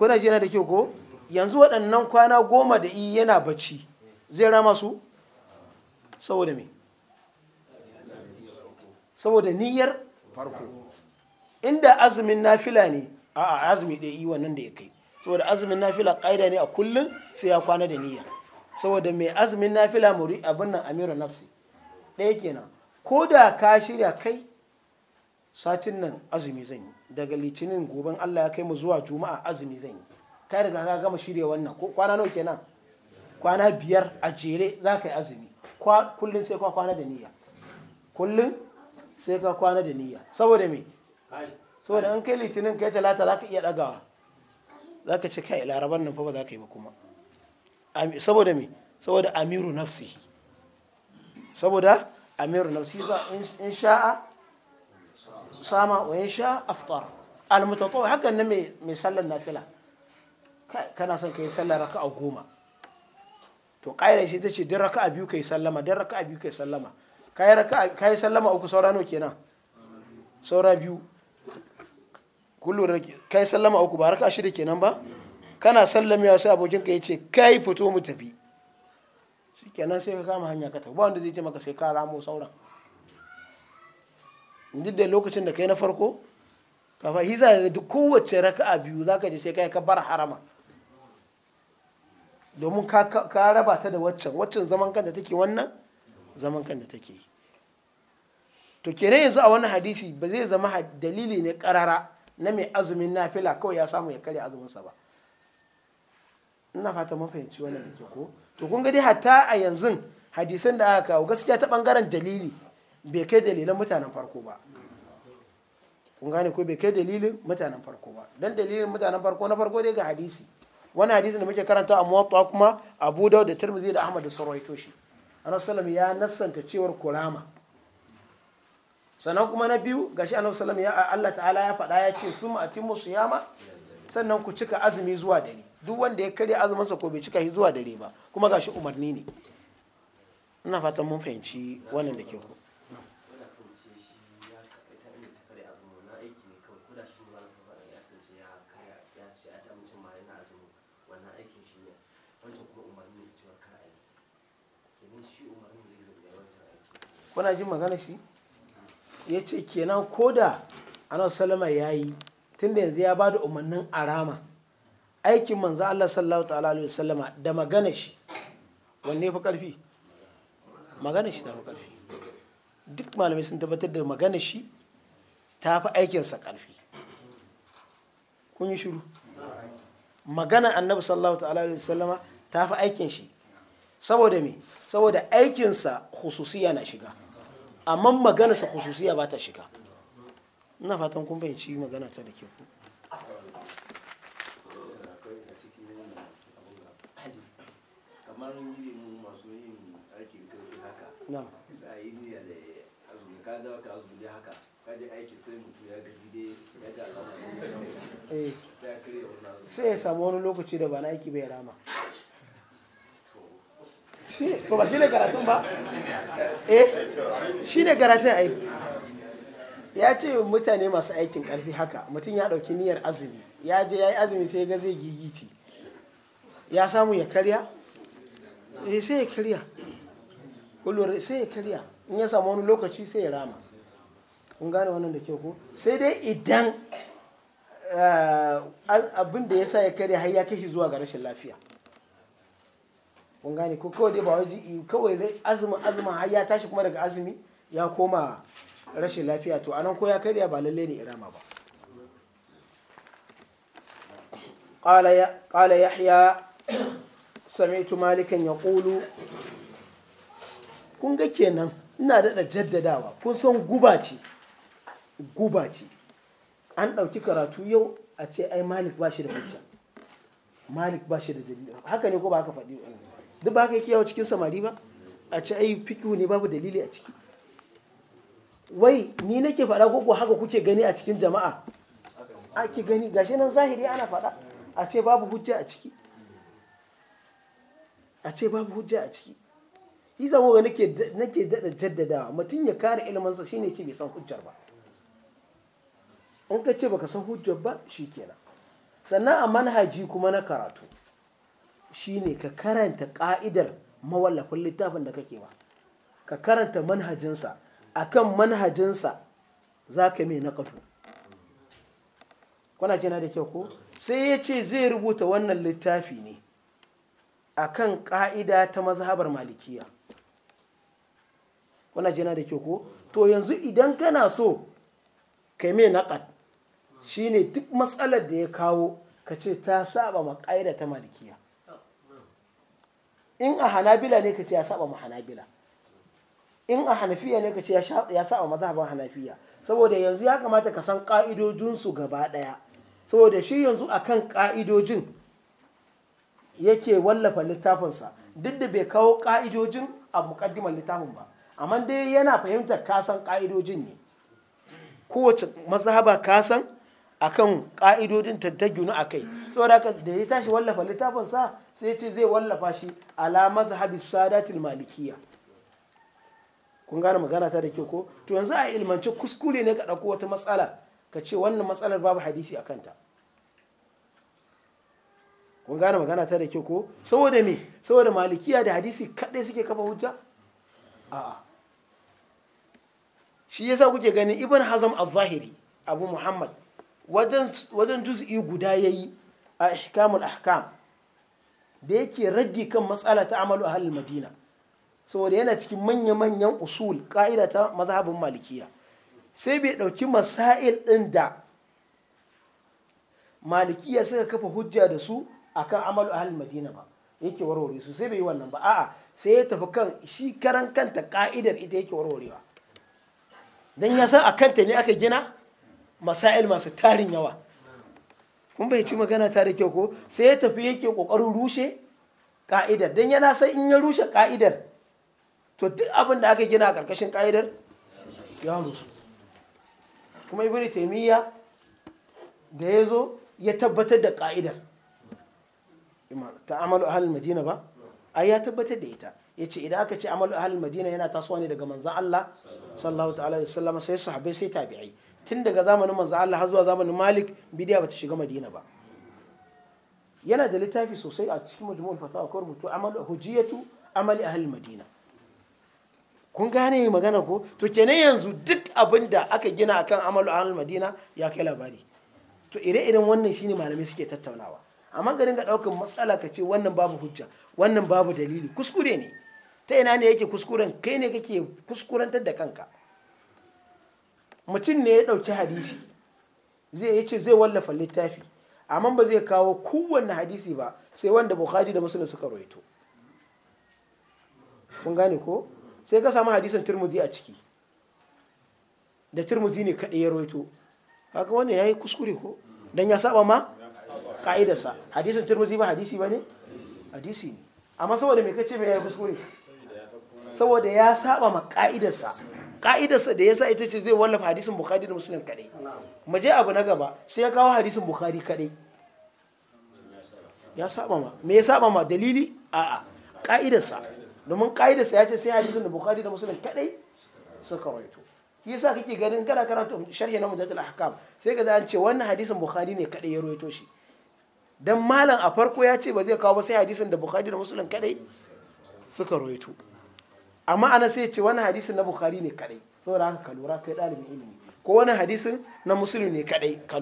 kuna jira da kyau ko yanzu waɗannan kwana goma da yi yana bacci zai rama su saboda me saboda niyyar farko inda azumin nafila ne a azumi da yi wannan da ya kai saboda azumin nafila ƙa'ida ne a kullum sai ya kwana da niyya saboda mai azumin nafila muri abin nan amiru nafsi ɗaya kenan ko da ka shirya kai satin nan azumi zan yi daga litinin goben Allah ya kai mu zuwa juma'a azumi zan yi ka riga ka gama shirya wannan ko kwana nawa kenan kwana biyar a jere za ka yi azumi kullum sai ka kwana da niyya kullum sai ka kwana da niyya saboda me saboda in kai litinin kai talata za ka iya dagawa za ka ce kai laraban nan fa ba za ka yi ba kuma saboda me saboda amiru nafsi saboda amiru nafsi za in sha'a sama wa sha aftar almutatawwi hakan na mai sallar nafila kana son ka yi sallar raka'a goma to ƙa'ida shi ta ce duk raka'a biyu ka yi sallama duk raka'a biyu ka yi sallama ka yi sallama uku saura nawa kenan saura biyu kullum ka yi sallama uku ba raka'a shida kenan ba kana ya sai abokin ka ya ce kai fito mu tafi shikenan sai ka kama hanya ka tafi ba wanda zai ce maka sai ka ramo sauran duk da lokacin da kai na farko kafa hi za duk kowace raka'a biyu za ka je sai kai ka bar harama domin ka raba ta da waccan waccan zaman kanta take wannan zaman kanta take to kenan yanzu a wannan hadisi ba zai zama dalili ne karara na mai azumin nafila kawai ya samu ya karya azuminsa ba ina fata mun fahimci wannan da ke ko to kun ga dai hatta a yanzu hadisan da aka kawo gaskiya ta bangaren dalili bai kai dalilan mutanen farko ba kun gane ko bai kai dalilin mutanen farko ba dan dalilin mutanen farko na farko dai ga hadisi wani hadisi da muke karanta a muwatta kuma Abu Dawud da Tirmidhi da Ahmad da Sarwaito shi Annabi ya nassanta cewar kurama sannan kuma na biyu gashi Annabi sallam ya Allah ta'ala ya faɗa ya ce summa su siyama sannan ku cika azumi zuwa dare duk wanda ya karya azumin sa ko bai cika shi zuwa dare ba kuma gashi umarni ne ina fatan mun fahimci wannan da ke kuna jin magana shi ya ce kenan ko da annabi salama ya yi tun da yanzu ya ba da umarnin arama aikin manzo Allah sallallahu ta'ala alaihi wasallama da magana shi wanne fi karfi magana shi ta fi karfi duk malamai sun tabbatar da magana shi ta fi sa karfi kun yi shiru magana annabi sallallahu ta'ala alaihi wasallama ta fi aikin shi saboda me saboda aikin sa khususiyya na shiga amma magana sa khususiya ba ta shiga ina fatan kun fahimci magana ta da ke ku kamar yin masu yin aikin kirki haka na isa yi niyya da azumi ka da ka azumi haka ka da aiki sai mutu ya gaji dai ya ga alamun eh. sai ya kare wannan sai ya samu wani lokaci da ba na aiki bai rama to ba shi ne karatun ba eh shi ne karatun ai ya ce mutane masu aikin karfi haka mutum ya dauki niyyar azumi ya je ya yi azumi sai ga zai gigici ya samu ya karya eh, sai ya karya kullum sai ya karya in ya samu wani lokaci sai ya rama kun gane wannan da ke ko sai dai idan eh, abin da ya sa ya karya har ya kashi zuwa ga rashin lafiya kun gane ko kawai dai ba wai kawai azumin azumin har ya tashi kuma daga azumi ya koma rashin lafiya to anan ko ya karya ba lalle ne irama ba qala yahya sami'tu malikan yaqulu kun ga kenan ina daɗa jaddadawa kun san guba ce guba ce an ɗauki karatu yau a ce ai malik ba shi da hujja malik ba shi da dalili haka ne ko ba haka faɗi duk ba ka yi kiyawa cikin samari ba a ce ai fikihu ne babu dalili a ciki wai ni nake faɗa ko ko haka kuke gani a cikin jama'a ake gani gashi nan zahiri ana faɗa a ce babu hujja a ciki a ce babu hujja a ciki shi zama ga nake daɗa jaddadawa mutum ya kare ilmansa shine ke bai san hujjar ba in ka ce baka san hujjar ba shi kenan sannan a manhaji kuma na karatu shine ka karanta ka'idar mawallafin littafin da kake ba ka karanta manhajinsa a kan manhajinsa za ka mai naƙadu kuna jina da kyau ko sai ya ce zai rubuta wannan littafi ne a kan ka'ida ta mazhabar malikiya kuna jina da kyau ko to yanzu idan kana so ka mai shi shine duk matsalar da ya kawo ka ce ta saba ma ƙa'ida ta malikiya in a hanabila ne ka ce ya saba mu hanabila in a hanafiya ne ka ce ya saba mazhaban hanafiya saboda yanzu ya kamata ka san ka'idojinsu gaba ɗaya saboda shi yanzu akan ka'idojin yake wallafa littafinsa duk da bai kawo ka'idojin a mukaddimar littafin ba amma dai yana fahimtar kasan ka'idojin ne kowace mazhaba kasan akan ka'idojin ta a kai saboda da ya tashi wallafa littafinsa sai ce zai wallafa shi ala mazhabi sadatil malikiya kun gane magana ta da ke ko to yanzu a ilmance kuskure ne ka ɗauko wata matsala ka ce wannan matsalar babu hadisi a kanta kun gane magana ta da ke ko saboda me saboda malikiya da hadisi kaɗai suke kafa hujja a'a shi yasa kuke ganin ibn hazam al-zahiri abu muhammad wajen juz'i guda yayi a ihkamul ahkam da yake raddi kan matsala ta amalu a halin madina saboda yana cikin manya-manyan usul ka'ida ta mazhabin malikiya sai bai ɗauki masail ɗin da malikiya suka kafa hujja da su akan amalu a halin madina ba yake warware su sai bai yi wannan ba a'a sai ya tafi kan shi karan kanta ka'idar ita yake warwarewa don ya san a kanta ne aka gina masail masu tarin yawa kun bai ci magana ta da kyau ko sai ya tafi yake kokarin rushe ka'idar dan yana sai in ya rushe ka'idar to duk abin da aka gina a karkashin ka'idar ya rusu kuma ibnu taymiya da ya zo ya tabbatar da ka'idar ta amalu halin madina ba ai ya tabbatar da ita yace idan aka ce amalu halin madina yana tasowa ne daga manzon Allah sallallahu ta'ala alaihi wasallam sai sahabbai sai tabi'ai tun daga zamanin manzo Allah har zuwa zamanin Malik bidiya bata shiga Madina ba yana da littafi sosai a cikin majmu'ul fatawa ko rubutu amal hujiyatu amali ahli Madina kun gane magana ko to kenan yanzu duk abinda aka gina akan amal ahli Madina ya kai labari to ire-iren wannan shine malamai suke tattaunawa amma garin ga daukan matsala ka ce wannan babu hujja wannan babu dalili kuskure ne ta ina ne yake kuskuren kai ne kake kuskurantar da kanka mutum ne ya ɗauki hadisi zai yace zai wallafa littafi amma ba zai kawo kowanne hadisi ba sai wanda bukhari da musulun suka roito kun gane ko sai ka samu hadisan turmuzi a ciki da turmuzi ne kaɗai ya roito haka wannan ya yi kuskure ko don ya saba ma ƙa'idarsa hadisan turmuzi ba hadisi ba ne hadisi ne amma saboda mai kace mai ya yi kuskure saboda ya saba ma ƙa'idarsa ka'idarsa da yasa ita ce zai wallafa hadisin bukhari da musulun kadai mu je abu na gaba sai ya kawo hadisin bukhari kadai ya saba ma me ya saba ma dalili a'a ka'idarsa domin ka'idarsa ya ce sai hadisin da bukhari da musulun kadai suka rawaito shi yasa kake ganin kana karanta sharhi na mudatul ahkam sai ka an ce wannan hadisin bukhari ne kadai ya rawaito shi dan malam a farko ya ce ba zai kawo ba sai hadisin da bukhari da musulun kadai suka rawaito amma ana sai ce wani hadisin na bukhari ne kadai saboda haka ka lura kai dalibin ilimi ko wani hadisin na musulmi ne kadai ka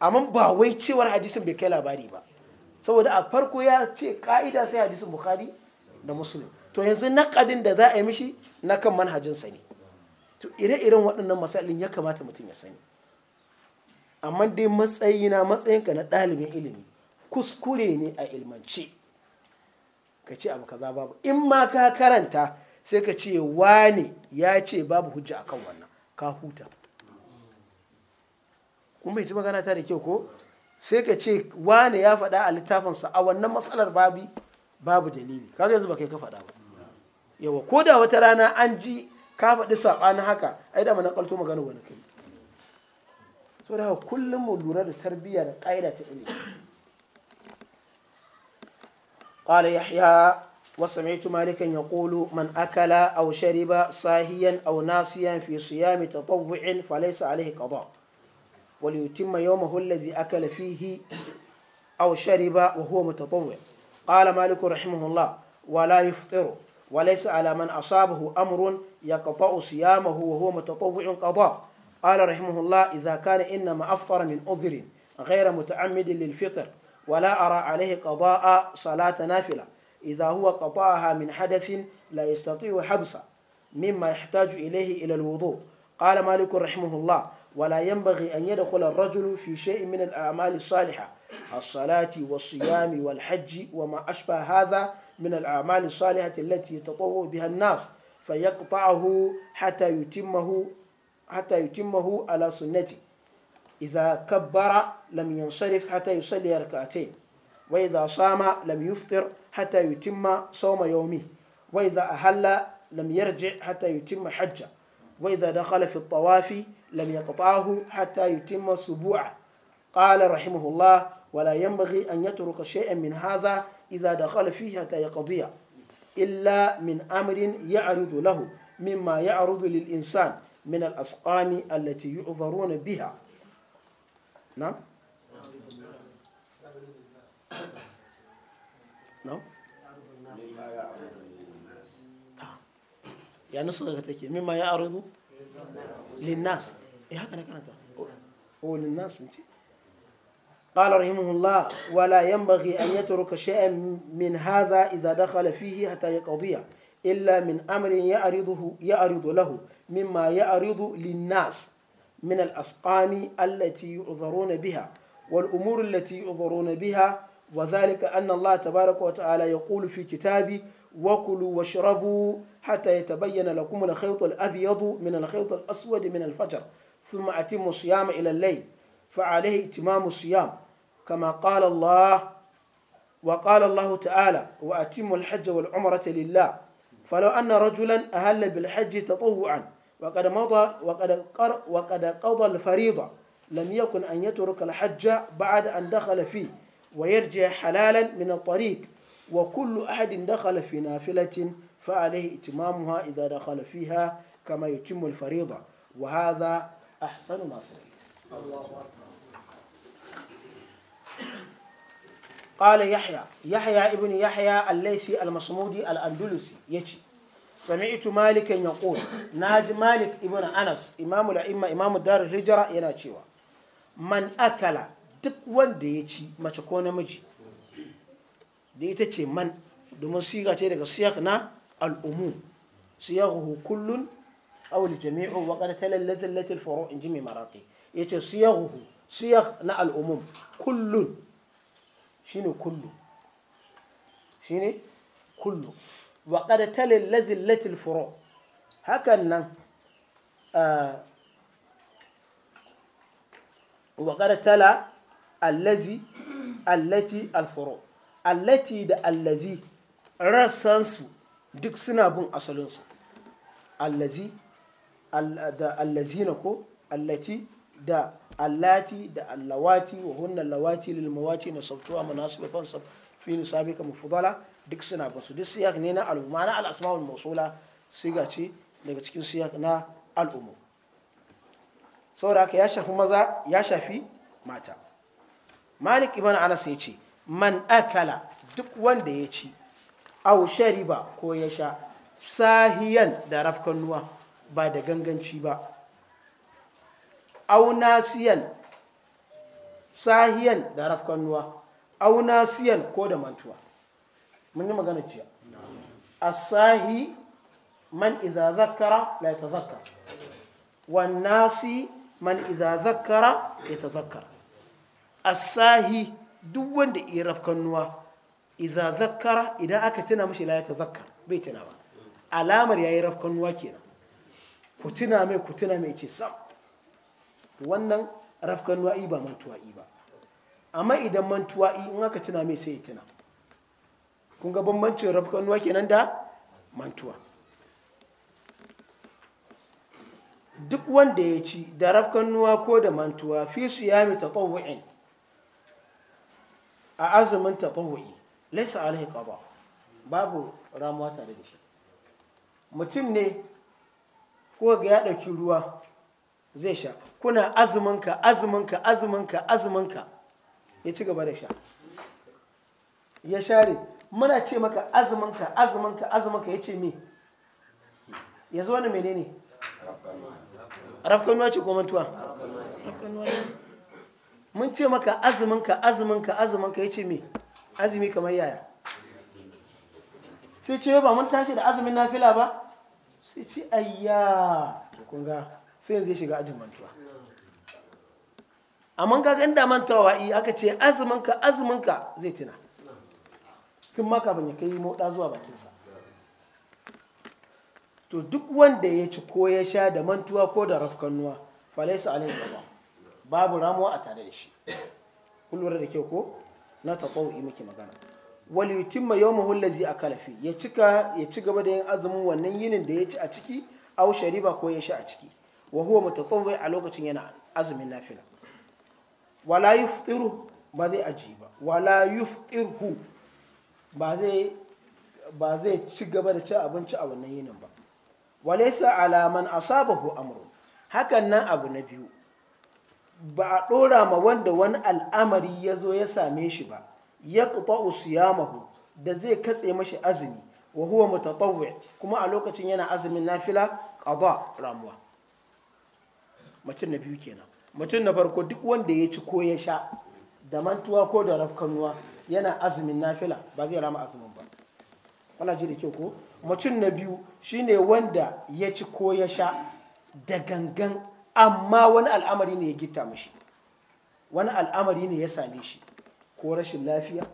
amma ba wai cewar hadisin bai kai labari ba saboda a farko ya ce ka'ida sai hadisin bukhari da musulmi to yanzu kadin da za a yi mishi na kan manhajinsa ne to ire-iren waɗannan masalin ya kamata mutum ya sani amma dai matsayi na matsayinka na ɗalibin ilimi kuskure ne a ilmance ka ce abu kaza babu in ma ka karanta sai ka ce wane ya ce babu hujja akan wannan ka huta kuma bai ci magana ta da kyau ko sai ka ce wane ya faɗa a littafinsa a wannan matsalar babi babu dalili kaga yanzu ba kai ka faɗa ba yawa ko da wata rana an ji ka faɗi saɓanin haka ai da mana ƙalto magana wani kai kullum mu lura da tarbiyya da ƙa'ida ta ilimi قال يحيى وسمعت مالكا يقول من أكل أو شرب صاهيا أو ناسيا في صيام تطوع فليس عليه قضاء وليتم يومه الذي أكل فيه أو شرب وهو متطوع قال مالك رحمه الله ولا يفطر وليس على من أصابه أمر يقطع صيامه وهو متطوع قضاء قال رحمه الله إذا كان إنما أفطر من أذر غير متعمد للفطر ولا أرى عليه قضاء صلاة نافلة إذا هو قطعها من حدث لا يستطيع حبسه مما يحتاج إليه إلى الوضوء قال مالك رحمه الله ولا ينبغي أن يدخل الرجل في شيء من الأعمال الصالحة الصلاة والصيام والحج وما أشبه هذا من الأعمال الصالحة التي يتطوع بها الناس فيقطعه حتى يتمه حتى يتمه على سنته إذا كبر لم ينصرف حتى يصلي ركعتين وإذا صام لم يفطر حتى يتم صوم يومه وإذا أهل لم يرجع حتى يتم حجه وإذا دخل في الطواف لم يقطعه حتى يتم سبوعه قال رحمه الله ولا ينبغي أن يترك شيئا من هذا إذا دخل فيه حتى يقضيه إلا من أمر يعرض له مما يعرض للإنسان من الأسقام التي يعذرون بها نعم نعم يعني نصر تكي إيه؟ مما يعرض للناس إيه هكذا كانت هو للناس انت قال رحمه الله ولا ينبغي أن يترك شيئا من هذا إذا دخل فيه حتى يقضيه إلا من أمر يعرضه يعرض له مما يعرض للناس من الأسقام التي يعذرون بها والأمور التي يعذرون بها وذلك أن الله تبارك وتعالى يقول في كتابه وكلوا واشربوا حتى يتبين لكم الخيط الأبيض من الخيط الأسود من الفجر ثم أتموا الصيام إلى الليل فعليه إتمام الصيام كما قال الله وقال الله تعالى وأتموا الحج والعمرة لله فلو أن رجلا أهل بالحج تطوعا وقد مضى وقد قر وقد قضى الفريضة لم يكن أن يترك الحج بعد أن دخل فيه ويرجع حلالا من الطريق وكل أحد دخل في نافلة فعليه إتمامها إذا دخل فيها كما يتم الفريضة وهذا أحسن ما سمعت الله قال يحيى يحيى ابن يحيى الليثي المصمودي الأندلسي يجي sami'tu malikan yaqul naji malik ibnu anas imamu la'imma imamu darul hijra yana cewa man akala duk wanda ya ci mace ko namiji da ita ce man domin siga ce daga siyak na al'umu siyahu kullun aw al jami'u wa qad talallat allati al furu' in jimi maraqi yace siyahu siyak na al'umum kullun shine kullu shine kullu wa qad talalla zillatil furu hakan nan wa allazi allati alfuru allati da allazi rassansu duk suna bin asalinsu allazi da na ko allati da allati da allawati wa hunna allawati lil mawati na sabtuwa manasibatan sab fi nisabika mufdala duk suna bin duk siyak ne na al'umma na al'asma'ul mausula siga ce daga cikin siyak na al'umma saboda haka ya shafi maza ya shafi mata malik ibn anas ya ce man akala duk wanda ya ci aw shariba ko ya sha sahiyan da rafkanuwa ba da ganganci ba aw nasiyan sahiyan da rafkanuwa aw nasiyan ko da mantuwa mun yi magana ciya asahi man idza zakkara la yatazakkar wan wannasi man idza zakkara yatazakkar asahi duk wanda iya rafkannuwa idza zakkara idan aka tuna mashi la yatazakkar bai tuna ba alamar yayi rafkannuwa kenan ku tuna mai ku tuna mai ce sam wannan rafkannuwa ba mantuwa ba amma idan mantuwa in aka tuna mai sai ya tuna kun ga bambancin rafkanuwa kenan da mantuwa duk wanda ya ci da rafkanuwa ko da mantuwa fi su yami tatawu'in a azumin tatawu'i laisa alaihi ba babu ramuwa tare da shi mutum ne ko ga ya ɗauki ruwa zai sha kuna azuminka azuminka azuminka azuminka ya ci gaba da sha ya share muna ce maka azuminka azuminka azuminka ya ce me zo wani menene rafkanuwa ce ko mantuwa mun ce maka azuminka azuminka azuminka ya ce me azumi kamar yaya sai ce ba mun tashi da azumin nafila ba sai ce ayya kunga sai yanzu ya shiga ajin mantuwa amma kaga inda mantawa i aka ce azuminka azuminka zai tina tun ma kafin ya kai moɗa zuwa bakinsa to duk wanda ya ci ko ya sha da mantuwa ko da rafkannuwa falaisa alaihi ba babu ramuwa a tare da shi kullum da ke ko na yi muke magana wali mai yau allazi akala fi ya cika ya ci gaba da yin azumin wannan yinin da ya ci a ciki aw riba ko ya sha a ciki wa huwa mutatawwi a lokacin yana azumin nafila wala yuftiru ba zai ajiye ba wala yuftirhu ba zai ci gaba da cin abinci a wannan yinin ba walaisa alaman asabahu amru hakan nan abu na biyu ba a ɗora ma wanda wani al'amari ya zo ya same shi ba ya ƙuta mahu, da zai katse mashi azumi wa huwa mutatawwi kuma a lokacin yana azumin nafila qada ramuwa mutum na biyu kenan mutum na farko duk wanda ya ci ko ya sha da mantuwa ko da rafkanuwa yana azumin nafila ba zai rama azumin ba wannan ji da kyau ko mutum na biyu shine wanda ya ci ko ya sha da gangan amma wani al'amari ne ya gita mashi wani al'amari ne ya same shi ko rashin lafiya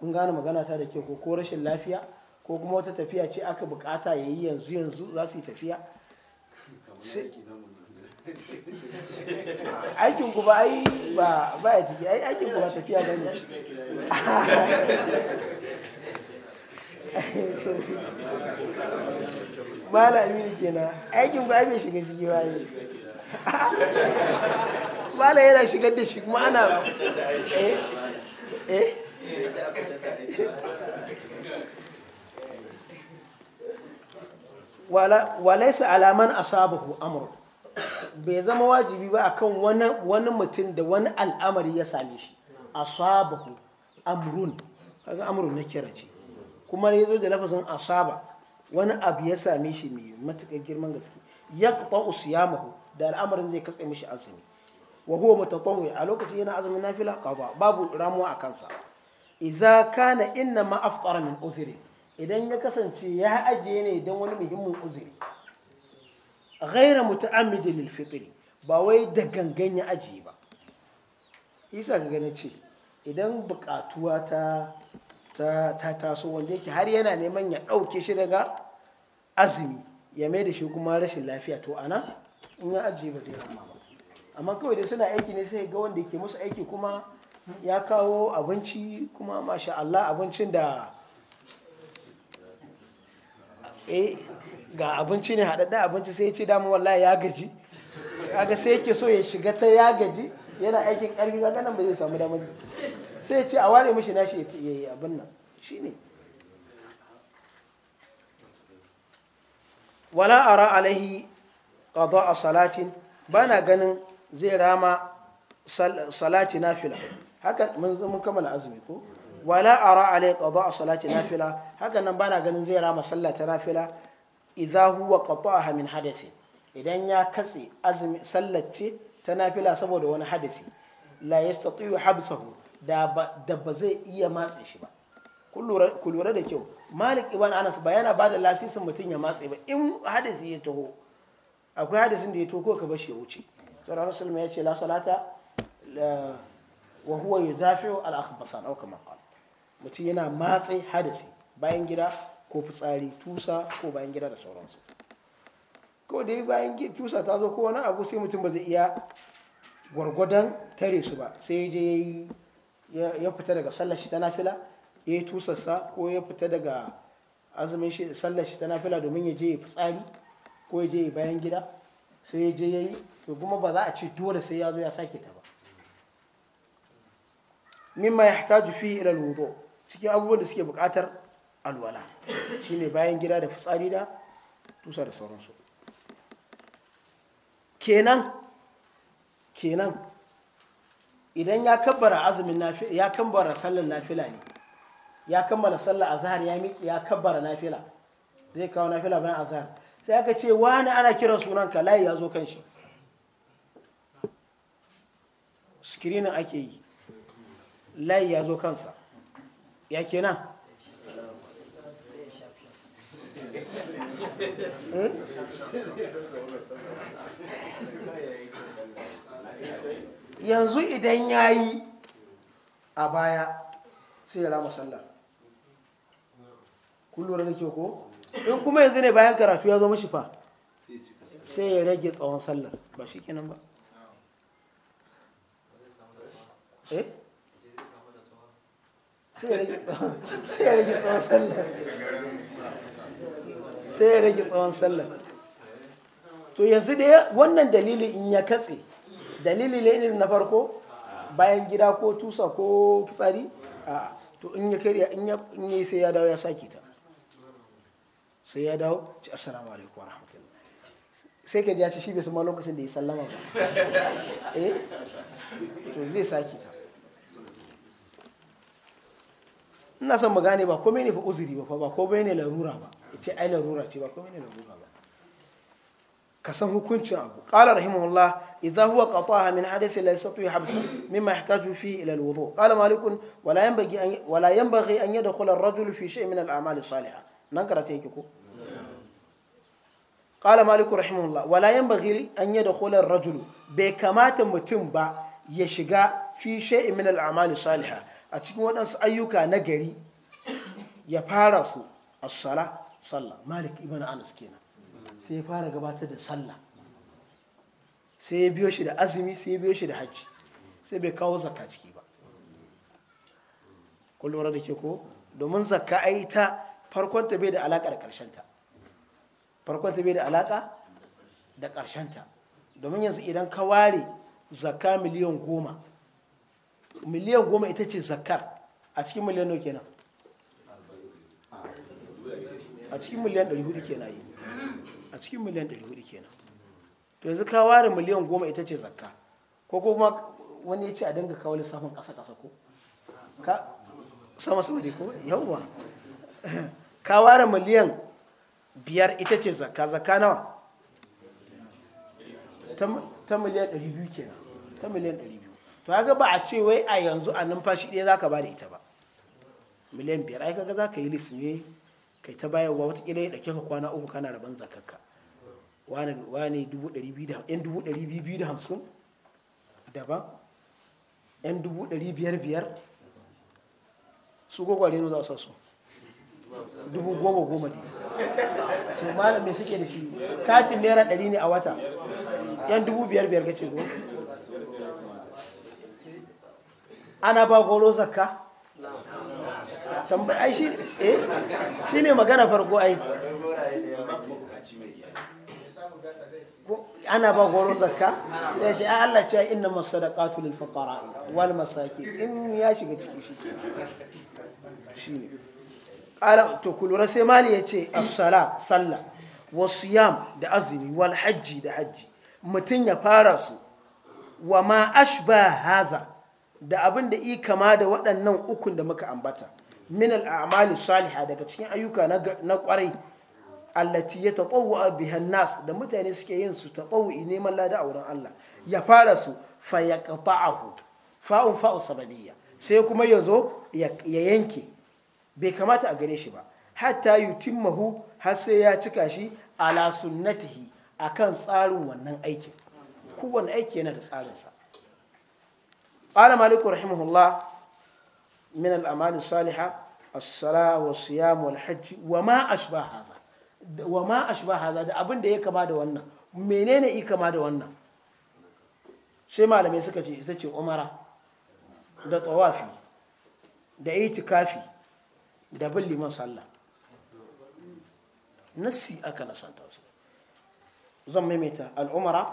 kun gane magana ta da kyau ko rashin lafiya ko kuma wata tafiya ce aka bukata ya yi yanzu yanzu za su yi tafiya aikin ku ba ai ba ba ya ciki ai aikin ku ba tafiya ba ne mala aminu kenan aikin ku ai bai shiga ciki ba ne mala yana shiga da shi kuma ana eh eh wala walaisa alaman asabahu amru bai zama wajibi ba akan wani wani mutum da wani al'amari ya same shi asabahu amrun kaga amrun na kira ce kuma ya zo da lafazin asaba wani abu ya same shi mai matukar girman gaske ya qata'u da al'amarin zai katse mishi azumi wa huwa mutatawwi a lokacin yana azumin nafila qada babu ramuwa a kansa idza kana inna ma afqara min uzri idan ya kasance ya ajiye ne dan wani muhimmin uzuri ghaira muta'ammidi lil fitri ba wai da gangan ya ajiye ba isa ga gane ce idan bukatuwa ta ta taso wanda yake har yana neman ya ɗauke shi daga azumi ya mai da shi kuma rashin lafiya to ana in ya ajiye ba zai amma ba amma kawai da suna aiki ne sai ga wanda yake musu aiki kuma ya kawo abinci kuma masha Allah abincin da eh, ga abinci ne haɗaɗɗen abinci sai ya ce dama wallahi ya gaji kaga sai yake so ya shiga ta ya gaji yana aikin ƙarfi kaga nan ba zai samu damar sai ya ce a ware mishi nashi ya yi abin nan shine wala ara alaihi qada a salatin bana ganin zai rama salati nafila haka mun kammala azumi ko wala ara alaihi qada a salati nafila haka nan bana ganin zai rama sallah na nafila idza huwa qata'aha min hadathi idan ya katse azumi sallace ta nafila saboda wani hadisi la yastati'u habsahu da ba zai iya matse shi ba ku lura da kyau malik ibn anas ba yana ba da lasisin mutum ya matse ba in hadisi ya taho akwai hadisin da ya taho ko ka bashi ya wuce sauran rasulullah ya ce la salata wa huwa yudafi'u al-akhbasan aw kama qala mutum yana matse hadisi bayan gida ko fitsari tusa ko bayan gida da sauransu ko da bayan tusa ta zo ko abu sai mutum ba zai iya gwargwadon tare su ba sai je ya fita daga sallar shi ta nafila ya yi tusarsa ko ya fita daga azumin shi sallar shi ta nafila domin ya je ya fitsari ko ya je ya bayan gida sai ya je ya yi to kuma ba za a ce dole sai ya zo ya sake ta ba mimma ya fi jufi al-wudu cikin abubuwan da suke buƙatar alwala shine bayan gida da fitsari da tusa da sauransu kenan kenan idan ya kabbara azumin nafila ya kabbara sallar nafila ne ya kammala sallar azhar ya miƙe ya kabbara nafila zai kawo nafila bayan azhar sai aka ce wani ana kiran sunan ka layi ya zo kan shi skirinin ake yi layi ya zo kansa ya kenan yanzu idan ya yi a baya sai ya rama sallah kullum da ke ko in kuma yanzu ne bayan karatu ya zo mashi fa sai ya rage tsawon sallah ba shi kenan ba eh sai ya rage tsawon sallah. sai ya rage tsawon sallar to yanzu da wannan dalili in ya katse dalili ne na farko bayan gida ko tusa ko fitsari a to in ya kariya in ya yi sai ya dawo ya sake ta sai ya dawo ci assalamu alaikum wa rahmatullahi sai ka ji shi bai su ma lokacin da ya sallama ba <laughs> eh to zai sake ta ina son mu gane ba komai ne fa uzuri ba fa ba komai ne larura ba ce ai larura ce ba kuma ne larura ba ka san hukuncin abu qala rahimahullah idza huwa qata'aha min hadith la yastati habsa mimma yahtaju fi ila alwudu qala malik wala yanbaghi an wala yanbaghi an yadkhula ar-rajul fi shay' min al-a'mal as-salihah nan karata yake ko qala malik rahimahullah wala yanbaghi an yadkhula ar-rajul bai kamata mutum ba ya shiga fi shay' min al-a'mal as-salihah a cikin waɗansu ayyuka na gari ya fara su as-salah sallah malik ibn anas kenan sai ya fara gabatar da sallah sai ya biyo shi da azumi sai ya biyo shi da hajji sai bai kawo zakka ciki ba kullum da ke ko domin zakka ai ta farkon ta bai da alaka da karshen ta farkon ta bai da alaka da karshen ta domin yanzu idan ka ware zakka miliyan goma miliyan goma ita ce zakkar a cikin miliyan nawa kenan a cikin miliyan 400 kenan yi a cikin miliyan 400 kenan to yanzu ka ware miliyan 10 ita ce zakka ko kuma wani ya ce a dinga kawo lissafin ƙasa-ƙasa ko ka sama sama ne ko yawwa <laughs> ka ware miliyan 5 ita ce zakka zakka nawa ta miliyan 200 kenan ta miliyan 200 to haka ba a ce wai a yanzu a numfashi ɗaya za ka ba da ita ba miliyan 5 ai kaga za ka yi lis kai ta bayarwa watakila ya ɗauke ka kwana uku kana rabon zakarka wani wani dubu ɗari biyu da hamsin daban yan dubu ɗari biyar biyar su gwagware ne za su su dubu goma goma ne su malam mai suke da shi katin naira ɗari ne a wata yan dubu biyar biyar gace goma ana ba goro zakka tambaya ai eh, shi ne magana farko ai ana ba goro zakka sai ce ai Allah cewa inna masadaqatu lil fuqara wal masakin in ya shiga ciki shi ne qala to kulura sai mali yace as-sala sallah wasiyam da azumi wal hajji da hajji mutum ya fara su wa ma ashba haza da abin da i kama da waɗannan ukun da muka ambata min al'amali saliha daga cikin ayyuka na kwarai allati ya tatawwa biha nas da mutane suke yin su tatawwi neman lada a wurin Allah ya fara su fa yaqta'ahu fa'un fa'u sababiyya sai kuma ya zo ya yanke bai kamata a gare shi ba hatta yutimmahu har sai ya cika shi ala sunnatihi akan tsarin wannan aikin kowane aiki yana da tsarinsa qala maliku rahimahullah min al'amali saliha as-sala wa siyam wal hajj wa ma ashba hadha wa ma ashba hadha da abin da ya kama da wannan menene i kama da sai malamai suka ce ita ce umara da tawafi da itikafi da bin liman sallah nassi aka zan maimaita da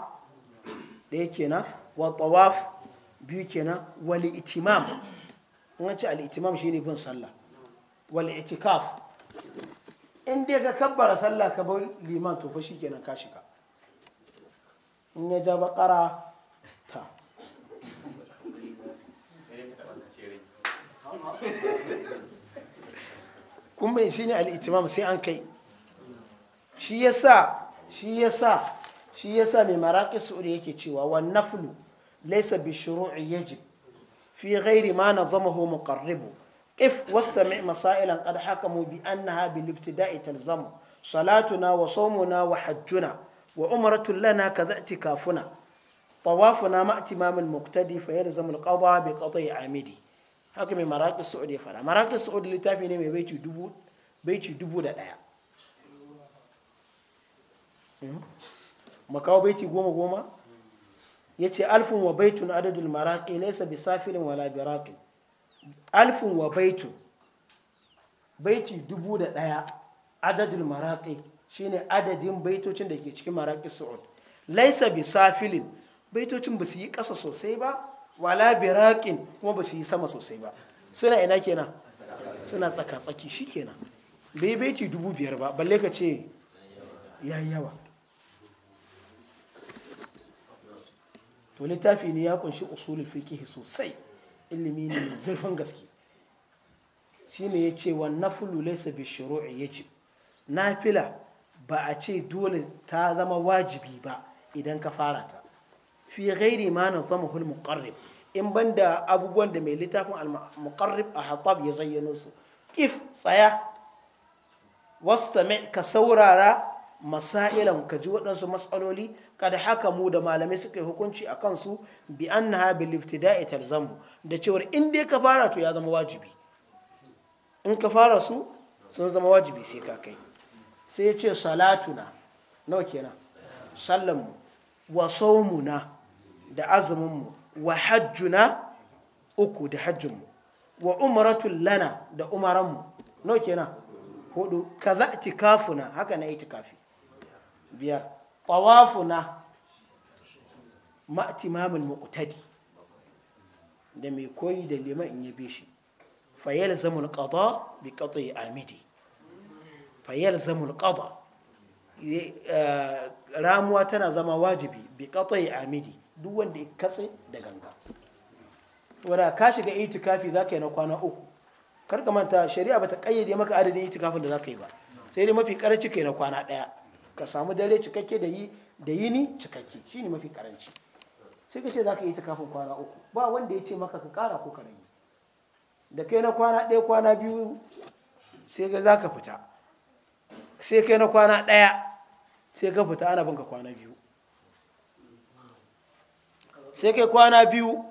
wa biyu kena wal in an ce al'itimam ne bin sallah wal itikaf in dai ka kabbara sallah ka bar liman to fa shikenan ka shiga in ya ja bakara ta kuma bai shi ne al'itimam sai an kai shi yasa shi yasa shi yasa mai maraƙi su'uri yake cewa wa naflu laisa bi shuru'i yajib في غير ما نظمه مقربه قف واستمع مسائلا قد حكموا بأنها بالابتداء تلزم صلاتنا وصومنا وحجنا وعمرة لنا كذا اعتكافنا طوافنا مع اتمام المقتدي فيلزم القضاء بقضاء عامدي حكم mai السعودية فلا ya السعودية اللي تافي littafi بيتي دبو بيتي دبو baiti dubu مكاو بيتي makawo baiti Ya ce alfin wa baitun adadul laisa bi safirin wa labiratu Alfin wa baitu baiti dubu da ɗaya adadul maraƙi shine adadin baitocin da ke cikin maraƙi sa'ud laisa bi safirin baitocin ba su yi ƙasa sosai ba wala bi kuma ba su yi sama sosai ba suna ina kenan suna tsaka tsaki shi kenan bai baiti dubu biyar ba balle ka ce ya yawa to littafi ne ya kunshi usulul fiqh sosai ilimi ne zurfin gaske shine ya ce wa nafulu laysa bi shuru'i yace nafila ba a ce dole ta zama wajibi ba idan ka fara ta fi ghairi ma nazamahu al-muqarrib in banda abubuwan da mai littafin al-muqarrib a hatab ya zayyano su kif tsaya wastami ka saurara masailan ka ji waɗansu matsaloli kada haka mu da malamai suka yi hukunci a kansu bi annaha bil ibtida'i talzamu da cewar inda dai ka fara to ya zama wajibi in ka fara su sun zama wajibi sai ka kai sai ya ce salatuna nawa kenan sallanmu wa na da azuminmu wa hajjuna uku da hajjinmu wa umaratu lana da umaranmu nawa kenan hudu kaza itikafuna haka na itikafi biyar tawafuna ma'timamul muqtadi da mai koyi da liman in bi shi fayyar zamul qada bi qati amidi fayyar zamul qada ramuwa tana zama wajibi bi qati amidi duk wanda ya katse da ganga wanda ka shiga itikafi zaka yi na kwana uku kar ka manta shari'a bata kayyade maka adadin itikafin da ka yi ba sai dai mafi karanci kai na kwana daya ka samu dare cikakke da yi da yini cikakke shine mafi karanci sai ka ce za ka yi ta kafin kwana uku ba wanda ya ce maka ka kara ko ka rage da kai na kwana ɗaya kwana biyu sai ka za ka fita sai kai na kwana ɗaya sai ka fita ana ka kwana biyu sai kai kwana biyu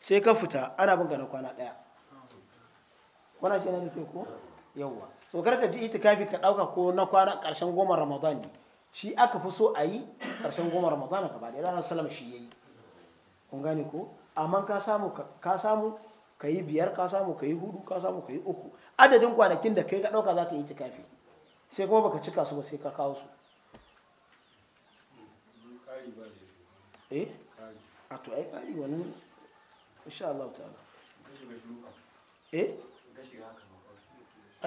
sai ka fita ana ka na kwana ɗaya kwana ce na da ko yawwa so karka ji itikafi ka dauka ko na kwana karshen goma ramadan shi aka fi so a yi karshen goma ramadan ka ba da Allah salam shi yayi kun gani ko amma ka samu ka samu ka yi biyar ka samu ka yi hudu ka samu ka yi uku adadin kwanakin da kai ka dauka za ka yi itikafi sai kuma baka cika su ba sai ka kawo su eh a to ai kari insha Allah ta'ala eh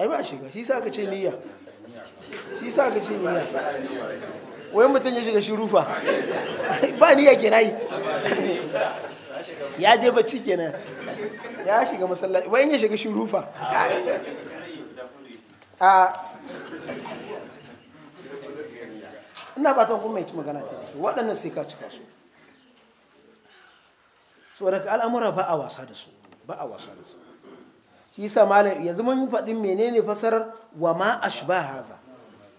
ai ba shiga shi sa ka ce niyya shi sa ka ce niyya wai mutum ya shiga shirufa ba niyya ke nayi ya je bacci kenan ya shiga masallaci wai ya shiga shirufa a ina ba ta kuma mai magana ta waɗannan sai ka cika su so daga al'amura ba a wasa da su ba a wasa da su kisa malam yanzu mun faɗin menene fasarar wa ma ashba haza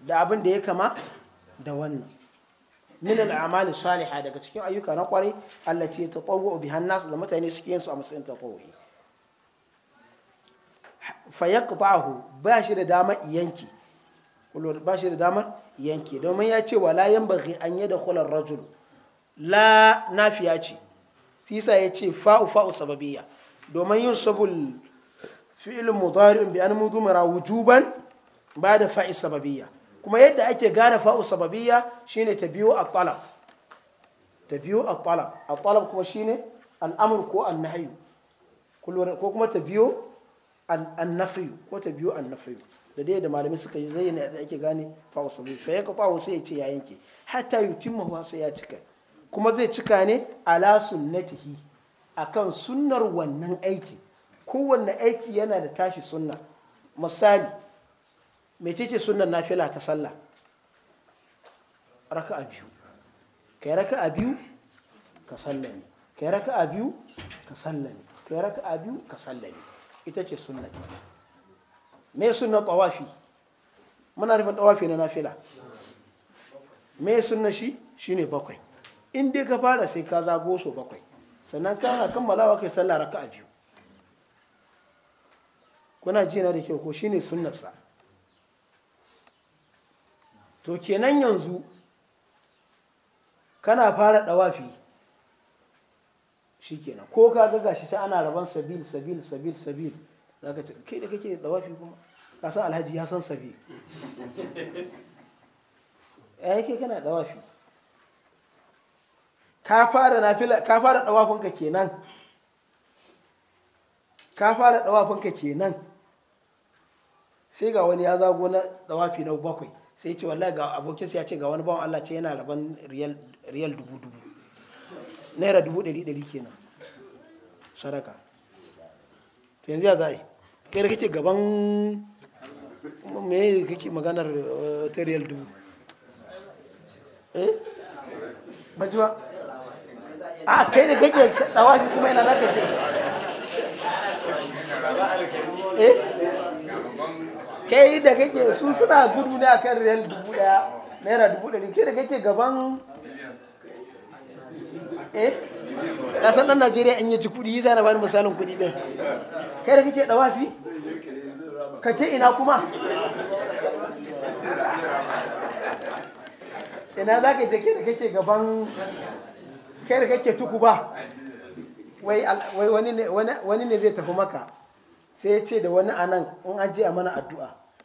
da abin da ya kama da wannan min al'amal salihah daga cikin ayyuka na kwarai allati a bi hannas da mutane suke yin su a matsayin tatawwi fa yaqta'hu ba shi da damar yanki kullum ba shi da damar yanki domin ya ce wala yanbaghi an yadkhula ar-rajul la nafiya ce fisa ya ce fa'u fa'u sababiyya domin yin sabul fi'ilun mudari'un bi an mudumira wujuban ba da fa'i sababiyya kuma yadda ake gane fa'u sababiyya shine ta biyo a talab ta biyo a talab a talab kuma shine al'amur ko annahyu ko kuma ta biyo nafiyu. ko ta biyo nafiyu. da dai da malami suka yi zai da ake gane fa'u sababiyya fa ka fa'u sai ya ce ya yanke Hata hatta yutimma sai ya cika kuma zai cika ne ala sunnatihi akan sunnar wannan aikin kowanne aiki yana da tashi sunna misali mecece sunnan nafila ta sallah raka a biyu yi raka a biyu ka sallame kai raka a biyu ka sallame kai raka a biyu ka sallame ita ce sunna me sunna tawafi muna rufin tawafi na nafila me sunna shi shine bakwai in dai ka fara sai ka zago so bakwai sannan kana kammalawa kai sallah raka a biyu kuna jina da kyau ko shine sunnarsa to kenan yanzu kana fara dawafi shikenan ko ka ga gashi ta ana rabon sabil sabil sabil sabil zaka ce kai da kake dawafi kuma ka san alhaji ya san sabil <laughs> eh kai kana dawafi ka fara nafila ka fara dawafin ka kenan ka fara dawafin ka kenan sai ga wani ya zago na tsawafi na bakwai sai ce wallahi ga abokin sai ya ce ga wani bawan Allah ce yana raban riyal dubu dubu naira dubu ɗari ɗari kenan sadaka to yanzu ya zai yi kai kake gaban me kake maganar eh, ta riyal dubu eh bajuwa a kai da kake tsawafi kuma yana naka ke eh kai da kake su suna gudu ne akan riyal dubu daya naira dubu ɗari ke da kake gaban eh kasan dan najeriya in yaji kuɗi yi zana bani misalin kuɗi ɗin kai da kake ɗawafi ka ce ina kuma ina za ka je kai da kake gaban kai da kake tuku ba wai wani ne zai tafi maka sai ya ce da wani anan in an je a mana addu'a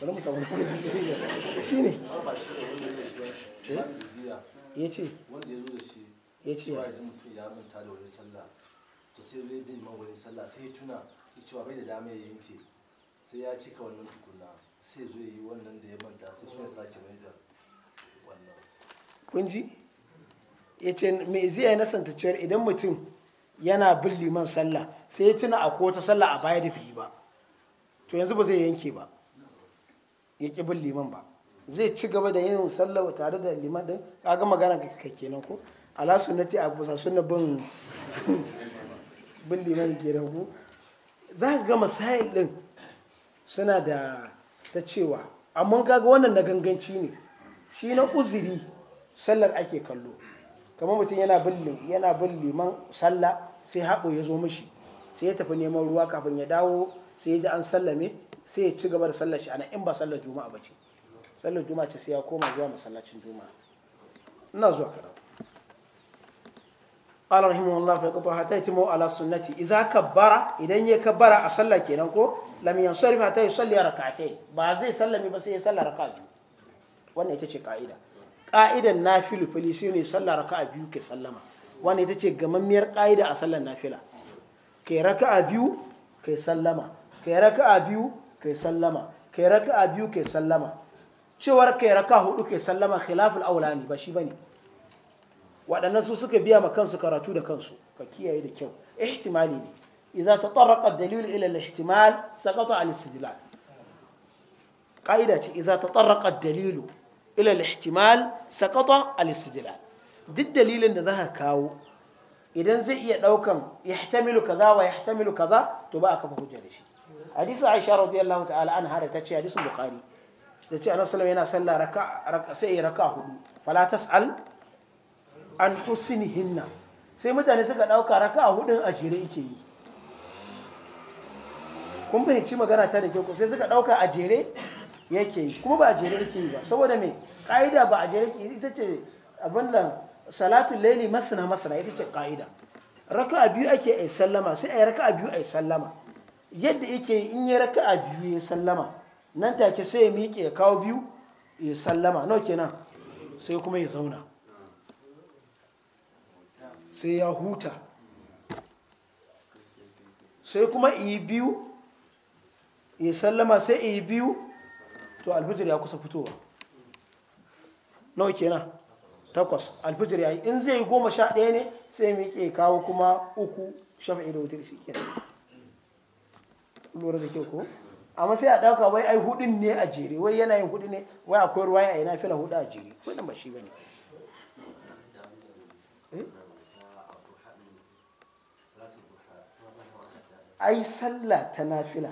bari mu samu kuma shi ne eh? ya ce wanda ya zo da shi ya ce ya ji mutum ya manta da wani sallah to sai zai bin man wani sallah sai ya tuna ya cewa bai da dama ya yanke sai ya cika wannan tukuna sai zo ya yi wannan da ya manta sai sake mai da wannan ya ce me zai yi nasanta cewar idan mutum yana bin liman sallah sai ya tuna a wata sallah a baya da bai ba to yanzu ba zai yanke ba ya ƙi bin liman ba zai ci gaba da yin sallah tare da liman din kaga magana ka kenan ko ala sunnati a sa sunna bin bin liman kenan ko za ka ga masail din suna da ta cewa amma kaga wannan na ganganci ne shi na uzuri sallar ake kallo kamar mutum yana bin liman sallah sai haɓo ya zo mishi sai ya tafi neman ruwa kafin ya dawo sai ya ji an sallame sai ya ci gaba da sallar shi anan in ba sallar juma'a ba ce sallar juma'a ce sai ya koma zuwa masallacin juma'a ina zuwa karatu قال رحمه الله فيقول حتى يتم على السنة إذا كبر إذا يكبر أصلى كينكو لم ينصرف حتى يصلي ركعتين بعد ذي سلم بس يصلي ركعتين وانا يتشي قائدة قائدة نافل فليسيني صلى ركعة بيو كسلم وانا يتشي قممير قائدة أصلى نافلة كي ركعة بيو كسلم كي ركعة بيو كي سلما كي ركع ديو كي سلما شو ورك كي ركع هو كي سلما خلاف الأولاني بشي بني وأنا نسوس كي بيا مكان سكراتو ده كنسو فكيا يد كيو احتمالي إذا تطرق الدليل إلى الاحتمال سقط عن الاستدلال قاعدة إذا تطرق الدليل إلى الاحتمال سقط الاستدلال ضد الدليل أن ذا كاو إذا زي لو كان يحتمل كذا ويحتمل كذا تبقى كفه hadisin aisha radiyallahu ta'ala an hada ta ce hadisin bukhari da ce annabi sallallahu yana sallah raka sai ya raka hudu fala tas'al an hinna sai mutane suka dauka raka hudun a jere yake yi kun fahimci magana ta da kyau sai suka dauka a jere yake yi kuma ba a jere yake yi ba saboda me ka'ida ba a jere yake ita ce abin nan salatul laili masana masana ita ce ka'ida a biyu ake ai sallama sai ai a biyu ai sallama yadda yake in ya raka a biyu ya sallama nan take sai ya miƙe ya kawo biyu ya sallama nau kenan sai kuma ya zauna sai ya huta sai kuma yi biyu ya sallama sai yi biyu to alfijir ya kusa fitowa nau kenan takwas alfijir ya yi in zai goma sha ɗaya ne sai miƙe kawo kuma uku shafa'i da wutar shi kenan lura da kyau ko amma sai a ɗauka wai ai hudun ne a jere wai yana yin hudu ne wai akwai ruwa ya na fila hudu a jere wannan ba shi ne. Eh? ai sallah ta nafila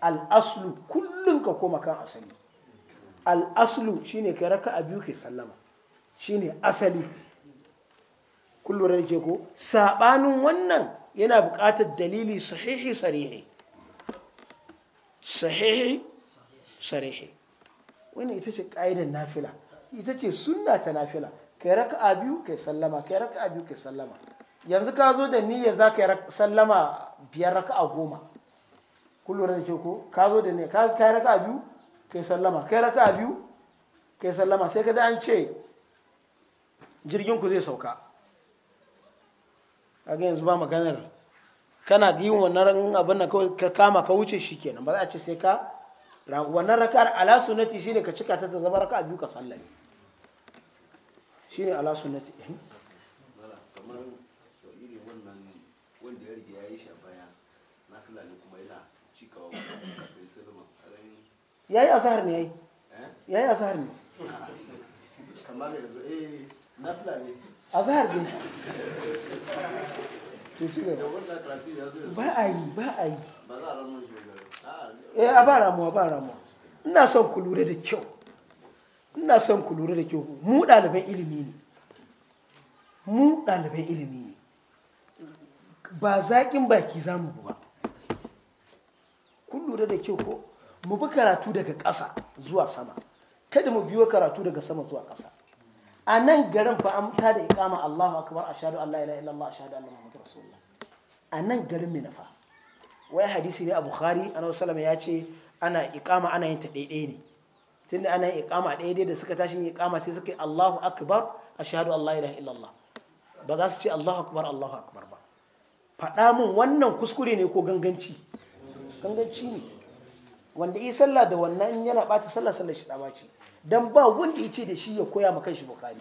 al'aslu kullum ka koma kan asali al'aslu shine ka raka a biyu ke sallama shine asali kullum da ke ko sabanin wannan yana buƙatar dalili sahihi sarihi sahihi sarihi wannan ita ce ƙa'idar nafila ita ce sunna ta nafila kai raka'a biyu kai sallama kai raka'a biyu kai sallama yanzu ka zo da niyya za ka yi sallama biyar raka'a goma ku lura da ke ko ka zo da niyya ka raka raka'a biyu kai sallama kai raka'a biyu kai sallama sai ka da an ce jirgin ku zai sauka ga yanzu ba maganar kana yin wannan abin nan kawai ka kama ka wuce shi kenan ba za a ce sai ka wannan raka'ar ala sunnati shine ka cika ta ta zama raka'a biyu ka sallame shine ala sunnati hmm? kamar irin wannan wanda ya rige yayi yi shi a baya na fila ne kuma yana cikawa kafin sulman ya yayi azhar ne ya yi eh? yayi azhar ne kamar yanzu eh na fila ne azhar ne ba a yi ba a yi eh a ba ramuwa ba ramuwa ina son ku lura da kyau ina son ku lura da kyau mu ɗaliban ilimi ne mu ɗaliban ilimi ne ba zaƙin baki za mu ba ku lura da kyau ko mu bi karatu daga ƙasa zuwa sama kada mu biyo karatu daga sama zuwa ƙasa a nan garin fa an tada iqama Allahu akbar ashhadu an la ilaha illallah ashhadu anna a nan garin minafa wai hadisi ne a bukhari annabi sallama ya ce ana ikama ana yin ta daidai ne tunda ana yin iqama daidai da suka tashi ikama sai suka yi Allahu akbar a shahadu Allahu ila illallah ba za su ce Allahu akbar Allahu akbar ba faɗa min wannan kuskure ne ko ganganci ganganci ne wanda yi sallah da wannan yana ɓata sallah sallah shi ta ce dan ba wanda ya ce da shi ya koya ma kan shi bukhari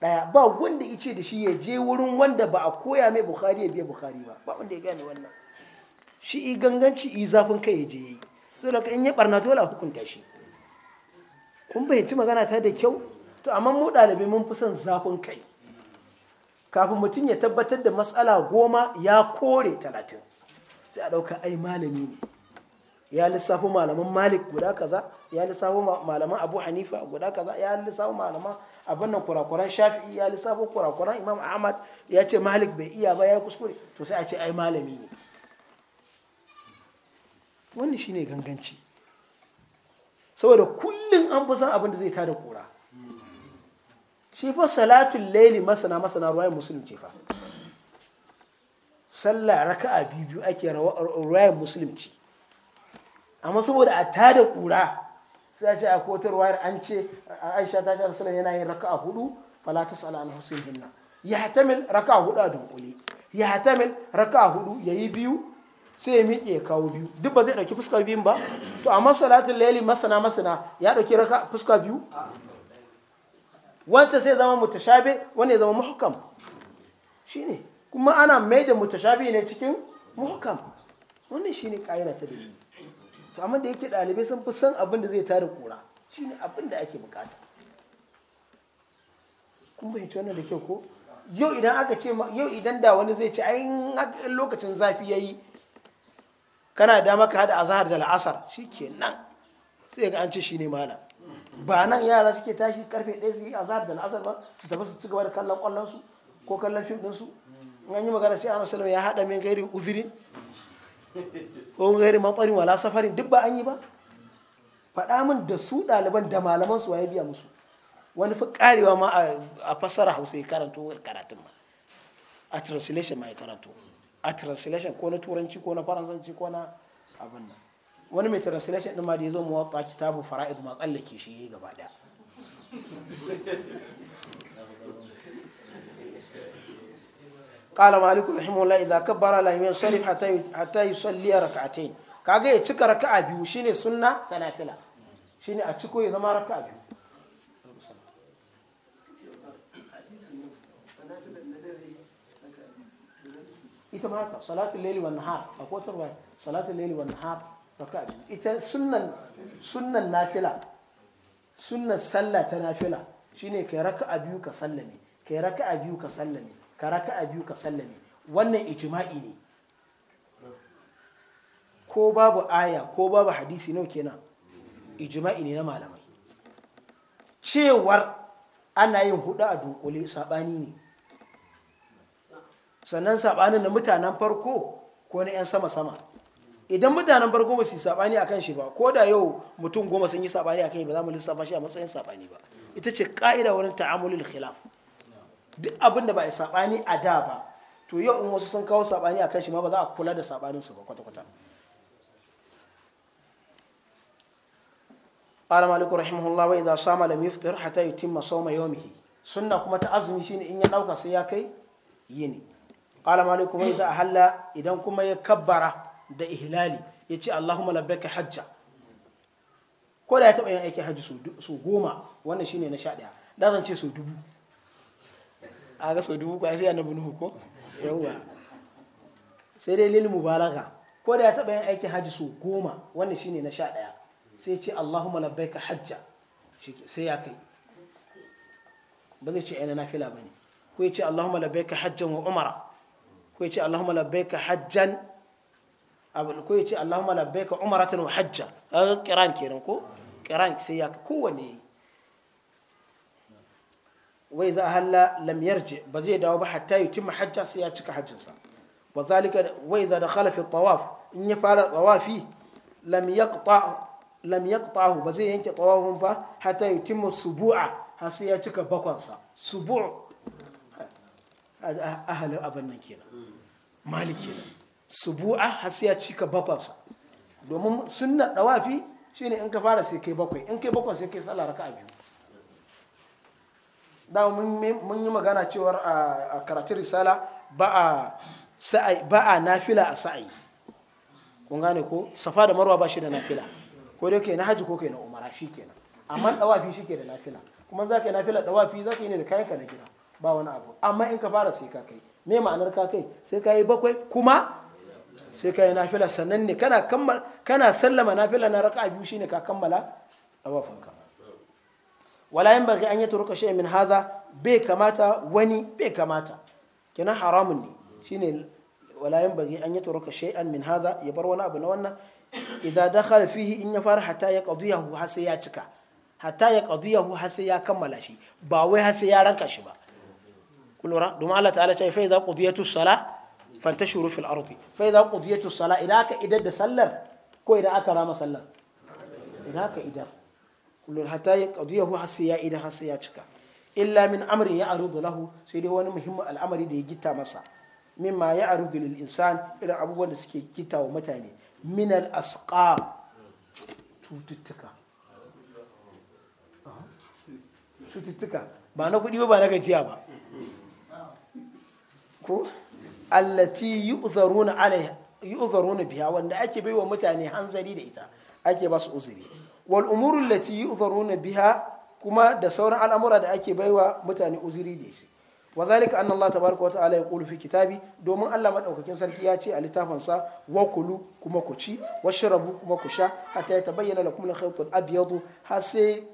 ɗaya ba wanda ya da shi ya je wurin wanda ba a koya mai bukhari ya biya bukhari ba ba wanda ya gane wannan shi i ganganci i zafin kai ya je yi sai da in ya barna dole a hukunta shi kun fahimci magana ta da kyau to amma mu dalibai mun fi son zafin kai kafin mutum ya tabbatar da matsala goma ya kore talatin sai a ɗauka ai malami ne ya lissafi malaman malik guda kaza ya lissafi malaman abu hanifa guda kaza ya lissafi malaman abin nan kurakuran shafi'i ya lissafo kurakuran imam ahmad ya ce malik bai iya ba ya kuskure to sai a ce ai malami ne wannan shine ganganci saboda kullum an fi son abin da zai tada kura shi fa salatul laili masana masana ruwayar musulun ce fa sallah raka'a biyu ake ruwayar musulun ce amma saboda a tada kura sai ce a kotar wayar an ce a aisha ta ce rasulun yana yin raka'a hudu fala ta sala an husin hinna ya hatamil raka'a hudu a dunkule ya hatamil raka'a hudu ya yi biyu sai ya miƙe kawo biyu duk ba zai ɗauki fuska biyun ba to amma salatin layli masana masana ya ɗauki raka fuska biyu wanta sai zama mutashabe wani ya zama muhkam shine kuma ana mai da mutashabe ne cikin muhkam wannan shine ƙa'ida ta dalili to amma da yake ɗalibai sun fi san abin da zai tare kura shine abin da ake bukata kun ci wannan da kyau ko yau idan aka ce yau idan da wani zai ce ai lokacin zafi yayi kana da maka hada azhar da al'asar shikenan sai ga an ce shine malam ba nan yara suke tashi karfe 1 su yi azhar da al'asar ba su tafi su ci da kallon kwallon su ko kallon fim din su in an yi magana sai annabi sallallahu ya hada min gairi uzirin ko gairi matsarin wala safarin duk ba an yi ba faɗa min da su ɗaliban da malaman su waye biya musu wani fi karewa ma a fassara hausa ya karanto karatun ma a translation ma ya karanto a translation ko na turanci ko na faransanci ko na abin nan wani mai translation din ma da ya zo mu waka kitabu fara'id ma tsallake shi gaba daya qala malik ka idza kabbara la yansarif biyu shine sunna ta nafila shine a ciko ya raka'a biyu ita ma haka wan nahar akwai wan nahar raka'a biyu ita sunnan sunnan nafila sunnan sallah ta nafila shine kai raka'a biyu ka sallame kai raka'a biyu ka sallame ka raka a biyu ka sallame wannan ijma'i ne ko babu aya ko babu hadisi nau kenan ijma'i ne na malamai cewar ana yin hudu a dunkule sabani ne sannan sabanin na mutanen farko ko na 'yan sama-sama idan mutanen farko ba su yi sabani a kan shi ba ko da yau mutum goma sun yi sabani a kan shi ba za mu lissafa shi a matsayin sabani ba ita ce ka'ida wurin ta'amulul khilaf duk abin da ba a sabani a da ba to yau in wasu sun kawo sabani kan shi ma ba za a kula da sabanin su ba kwata-kwata su مالك رحمه الله hata yi لم يفطر mai يتم صوم kuma ta azumi shi ne in ya ɗauka sai ya kai yini qala malik wa a halla idan kuma ya kabbara da ihlali ce allahumma labbaka hajja ko da ya taɓa yin aiki hajji su goma wannan shine na sha ɗaya, da ce su dubu a ga sau dubu kwaya sai annabi nuhu ko yawwa sai dai lil mubalaga ko da ya taɓa yin aikin hajji su goma wannan shine na sha ɗaya sai ce allahumma labbaika hajja sai ya kai ba zai ce aina nafila ba ne ko ya ce allahumma labbaika hajjan wa umara ko ya ce allahumma labbaika hajjan ko ya ce allahumma labbaika umaratan wa hajja kaga kiran kenan ko kiran sai ya kowanne wai za halla lam yarji ba zai dawo ba hatta yutimma hajja sai ya cika hajjinsa wa zalika wai za dakhala fi tawaf in ya fara tawafi lam yaqta lam yaqtahu ba zai yanke tawafin ba hatta yutimma subu'a har sai ya cika bakwansa subu' abin nan kenan subu'a har sai ya cika bakwansa domin sunna dawafi shine in ka fara sai kai bakwai in kai bakwai sai kai sallah raka'a biyu da mun yi magana cewar a karatun risala ba a nafila a sa'ayi kun gane ko safa da marwa ba shi da nafila ko dai ke na haji ko ke na umara shi nan amma dawafi shi ke da nafila kuma za ka yi nafila dawafi za ka yi ne da kayan kana na gida ba wani abu amma in ka fara sai ka kai me ma'anar ka kai sai ka yi bakwai kuma sai ka yi nafila sannan ne kana sallama nafila na raka'a biyu shine ka kammala dawafinka wala yan bagi an yi turuka shi min haza bai kamata wani bai kamata kenan haramun ne shine wala yan bagi an yi turuka shi min haza ya bar wani abu na wannan idan dakhala fihi in ya fara hatta ya qadiyahu har sai ya cika hatta ya qadiyahu har sai ya kammala shi ba wai har sai ya ranka shi ba kullura domin Allah ta'ala ce fa idza qudiyatus sala fantashuru fil ardi fa idza qudiyatus sala idan aka idar da sallar ko idan aka rama sallar idan aka idar kullun hatta ya qadiyahu hasi ya idan hasi ya cika illa min amrin ya arudu lahu sai dai wani muhimmin al'amari da ya gita masa mimma ya arudu lil insan irin abubuwan da suke gita wa mutane min al asqam cututtuka cututtuka ba na kuɗi ba na gajiya ba ko allati yu'zaruna alaiha yu'zaruna biha wanda ake baiwa mutane hanzari da ita ake ba su uzuri wal umurul lati yu'zaruna biha kuma da sauran al'amura da ake baiwa mutane uzuri da shi wa zalika anna wa ta'ala yaqulu fi kitabi domin Allah maɗaukakin sarki ya ce a sa wa kulu kuma ku ci washrabu kuma ku sha hatta ya tabayyana lakum al-khayt al-abyad har sai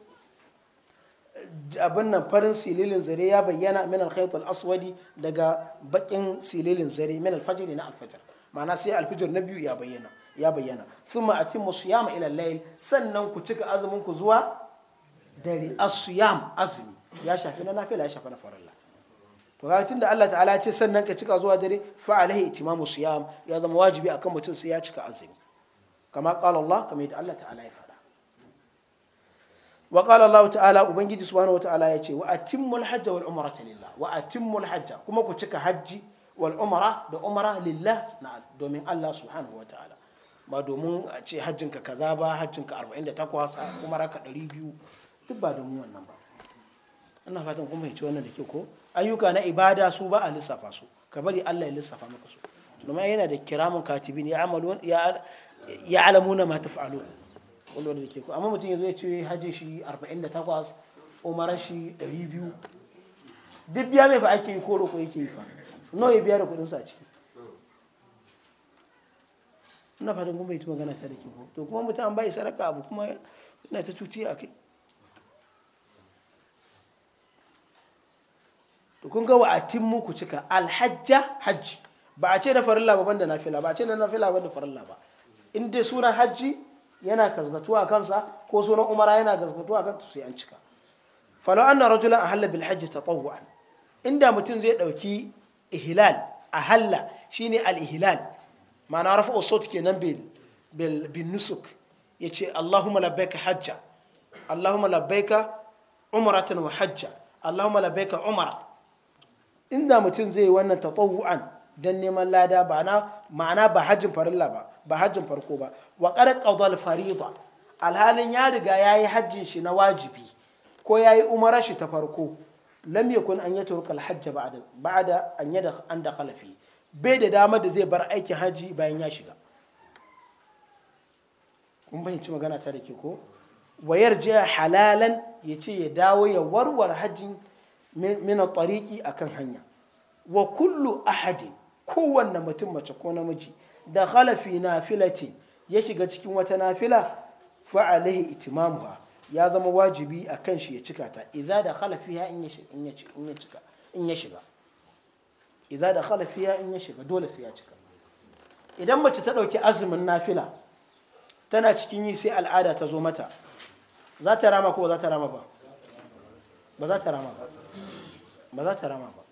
abin nan farin sililin zare ya bayyana min al-khayt aswadi daga baƙin sililin zare min al na al-fajr ma'ana sai al na biyu ya bayyana ya bayyana thumma atimmu sannan ku cika azuminku ku zuwa dare as-siyam azumi ya shafi na nafila ya shafi na farilla to ga Allah ta'ala ya ce sannan ka cika zuwa dare fa alaihi itimamu siyam ya zama wajibi akan mutum sai ya cika azumi kama qala Allah kama yadda Allah ta'ala ya faɗa wa qala Allah ta'ala ubangiji subhanahu wa ta'ala ya ce wa atimmul hajja wal umrata lillah wa atimmul kuma ku cika hajji wal umra da umra lillah na domin Allah subhanahu wa ta'ala ba domin a ce hajjinka kaza ba hajjinka 48 kuma raka 200 duk ba domin wannan ba ina fatan kuma hici wannan da ke ko ayyuka na ibada su ba a lissafa su ka bari Allah ya lissafa maka su domin yana da kiramun katibin ya ya alamuna ma fa'alo wanda da ke ko amma mutum zo ya ce hajji shi 48 umara shi 200 duk biya mai fa ake yi ko roko yake yi fa nawa ya biya da kudin a ciki ina fatan kuma bai ta magana ta da ke to kuma mutum an bai sadaka abu kuma yana ta cuci a kai to kun ga wa atimmu ku cika alhajja hajji ba a ce da farilla ba banda nafila ba a ce da nafila banda farilla ba in dai sunan hajji yana gaskatuwa kansa ko sunan umara yana gaskatuwa kansa sai an cika falo anna rajulan ahalla bil hajji tatawwu'an inda mutum zai dauki a halla shine al ihlal ma'ana rafa osot kenan bin nusuk ya ce allahumma labbaika hajja allahumma labbaika umaratan wa hajja allahumma labbaika umara inda mutum zai wannan tatawu'an don neman lada ba ma'ana ba hajjin farilla ba ba hajjin farko ba wa qad qadal fariida alhalin ya riga yayi hajjin shi na wajibi ko yayi umara shi ta farko lam yakun an yatruka al hajj ba'da ba'da an yada an dakhala fi bai da damar da zai bar aikin hajji bayan ya shiga kun fahimci magana ta da ke ko wayar je halalan ya ce ya dawo ya warware hajjin mina tariki akan hanya wa kullu ahadin kowanne mutum mace ko namiji da na nafilati ya shiga cikin wata nafila fa alaihi itimamuha ya zama wajibi akan shi ya cika ta idza da halafi in ya in ya shiga idza da khalafiya in ya shiga dole sai ya cika idan mace ta dauki azumin nafila tana cikin yi sai al'ada ta zo mata za ta rama ko ba za ta rama ba ba za ta rama ba ba za ta rama ba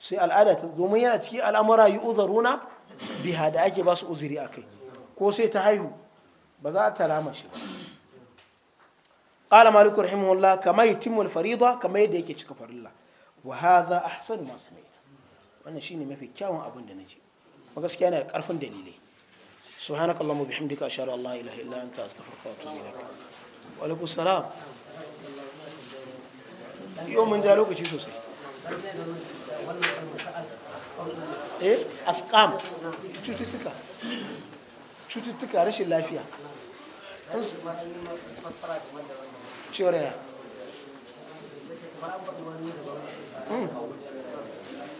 sai al'ada ta domin yana cikin al'amura yi uzaruna biha da ake ba su uzuri a kai ko sai ta haihu ba za ta rama shi ba قال مالك رحمه الله كما يتم الفريضة كما يديك يتشك فرلا وهذا أحسن ما سمعت wannan shine mafi kyawun abin da naji kuma gaskiya yana da karfin dalilai subhanakallahumma bihamdika ashhadu an la ilaha illa anta astaghfiruka wa atubu ilaik wa alaikum salam yau mun ja lokaci sosai eh asqam cututtuka cututtuka rashin lafiya ya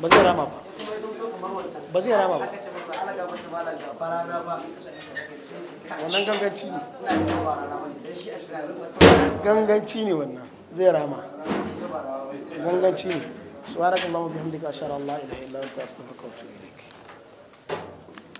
ba zai rama ba ba zai rama ba wannan ganganci ne ganganci ne wannan zai rama ganganci ne ba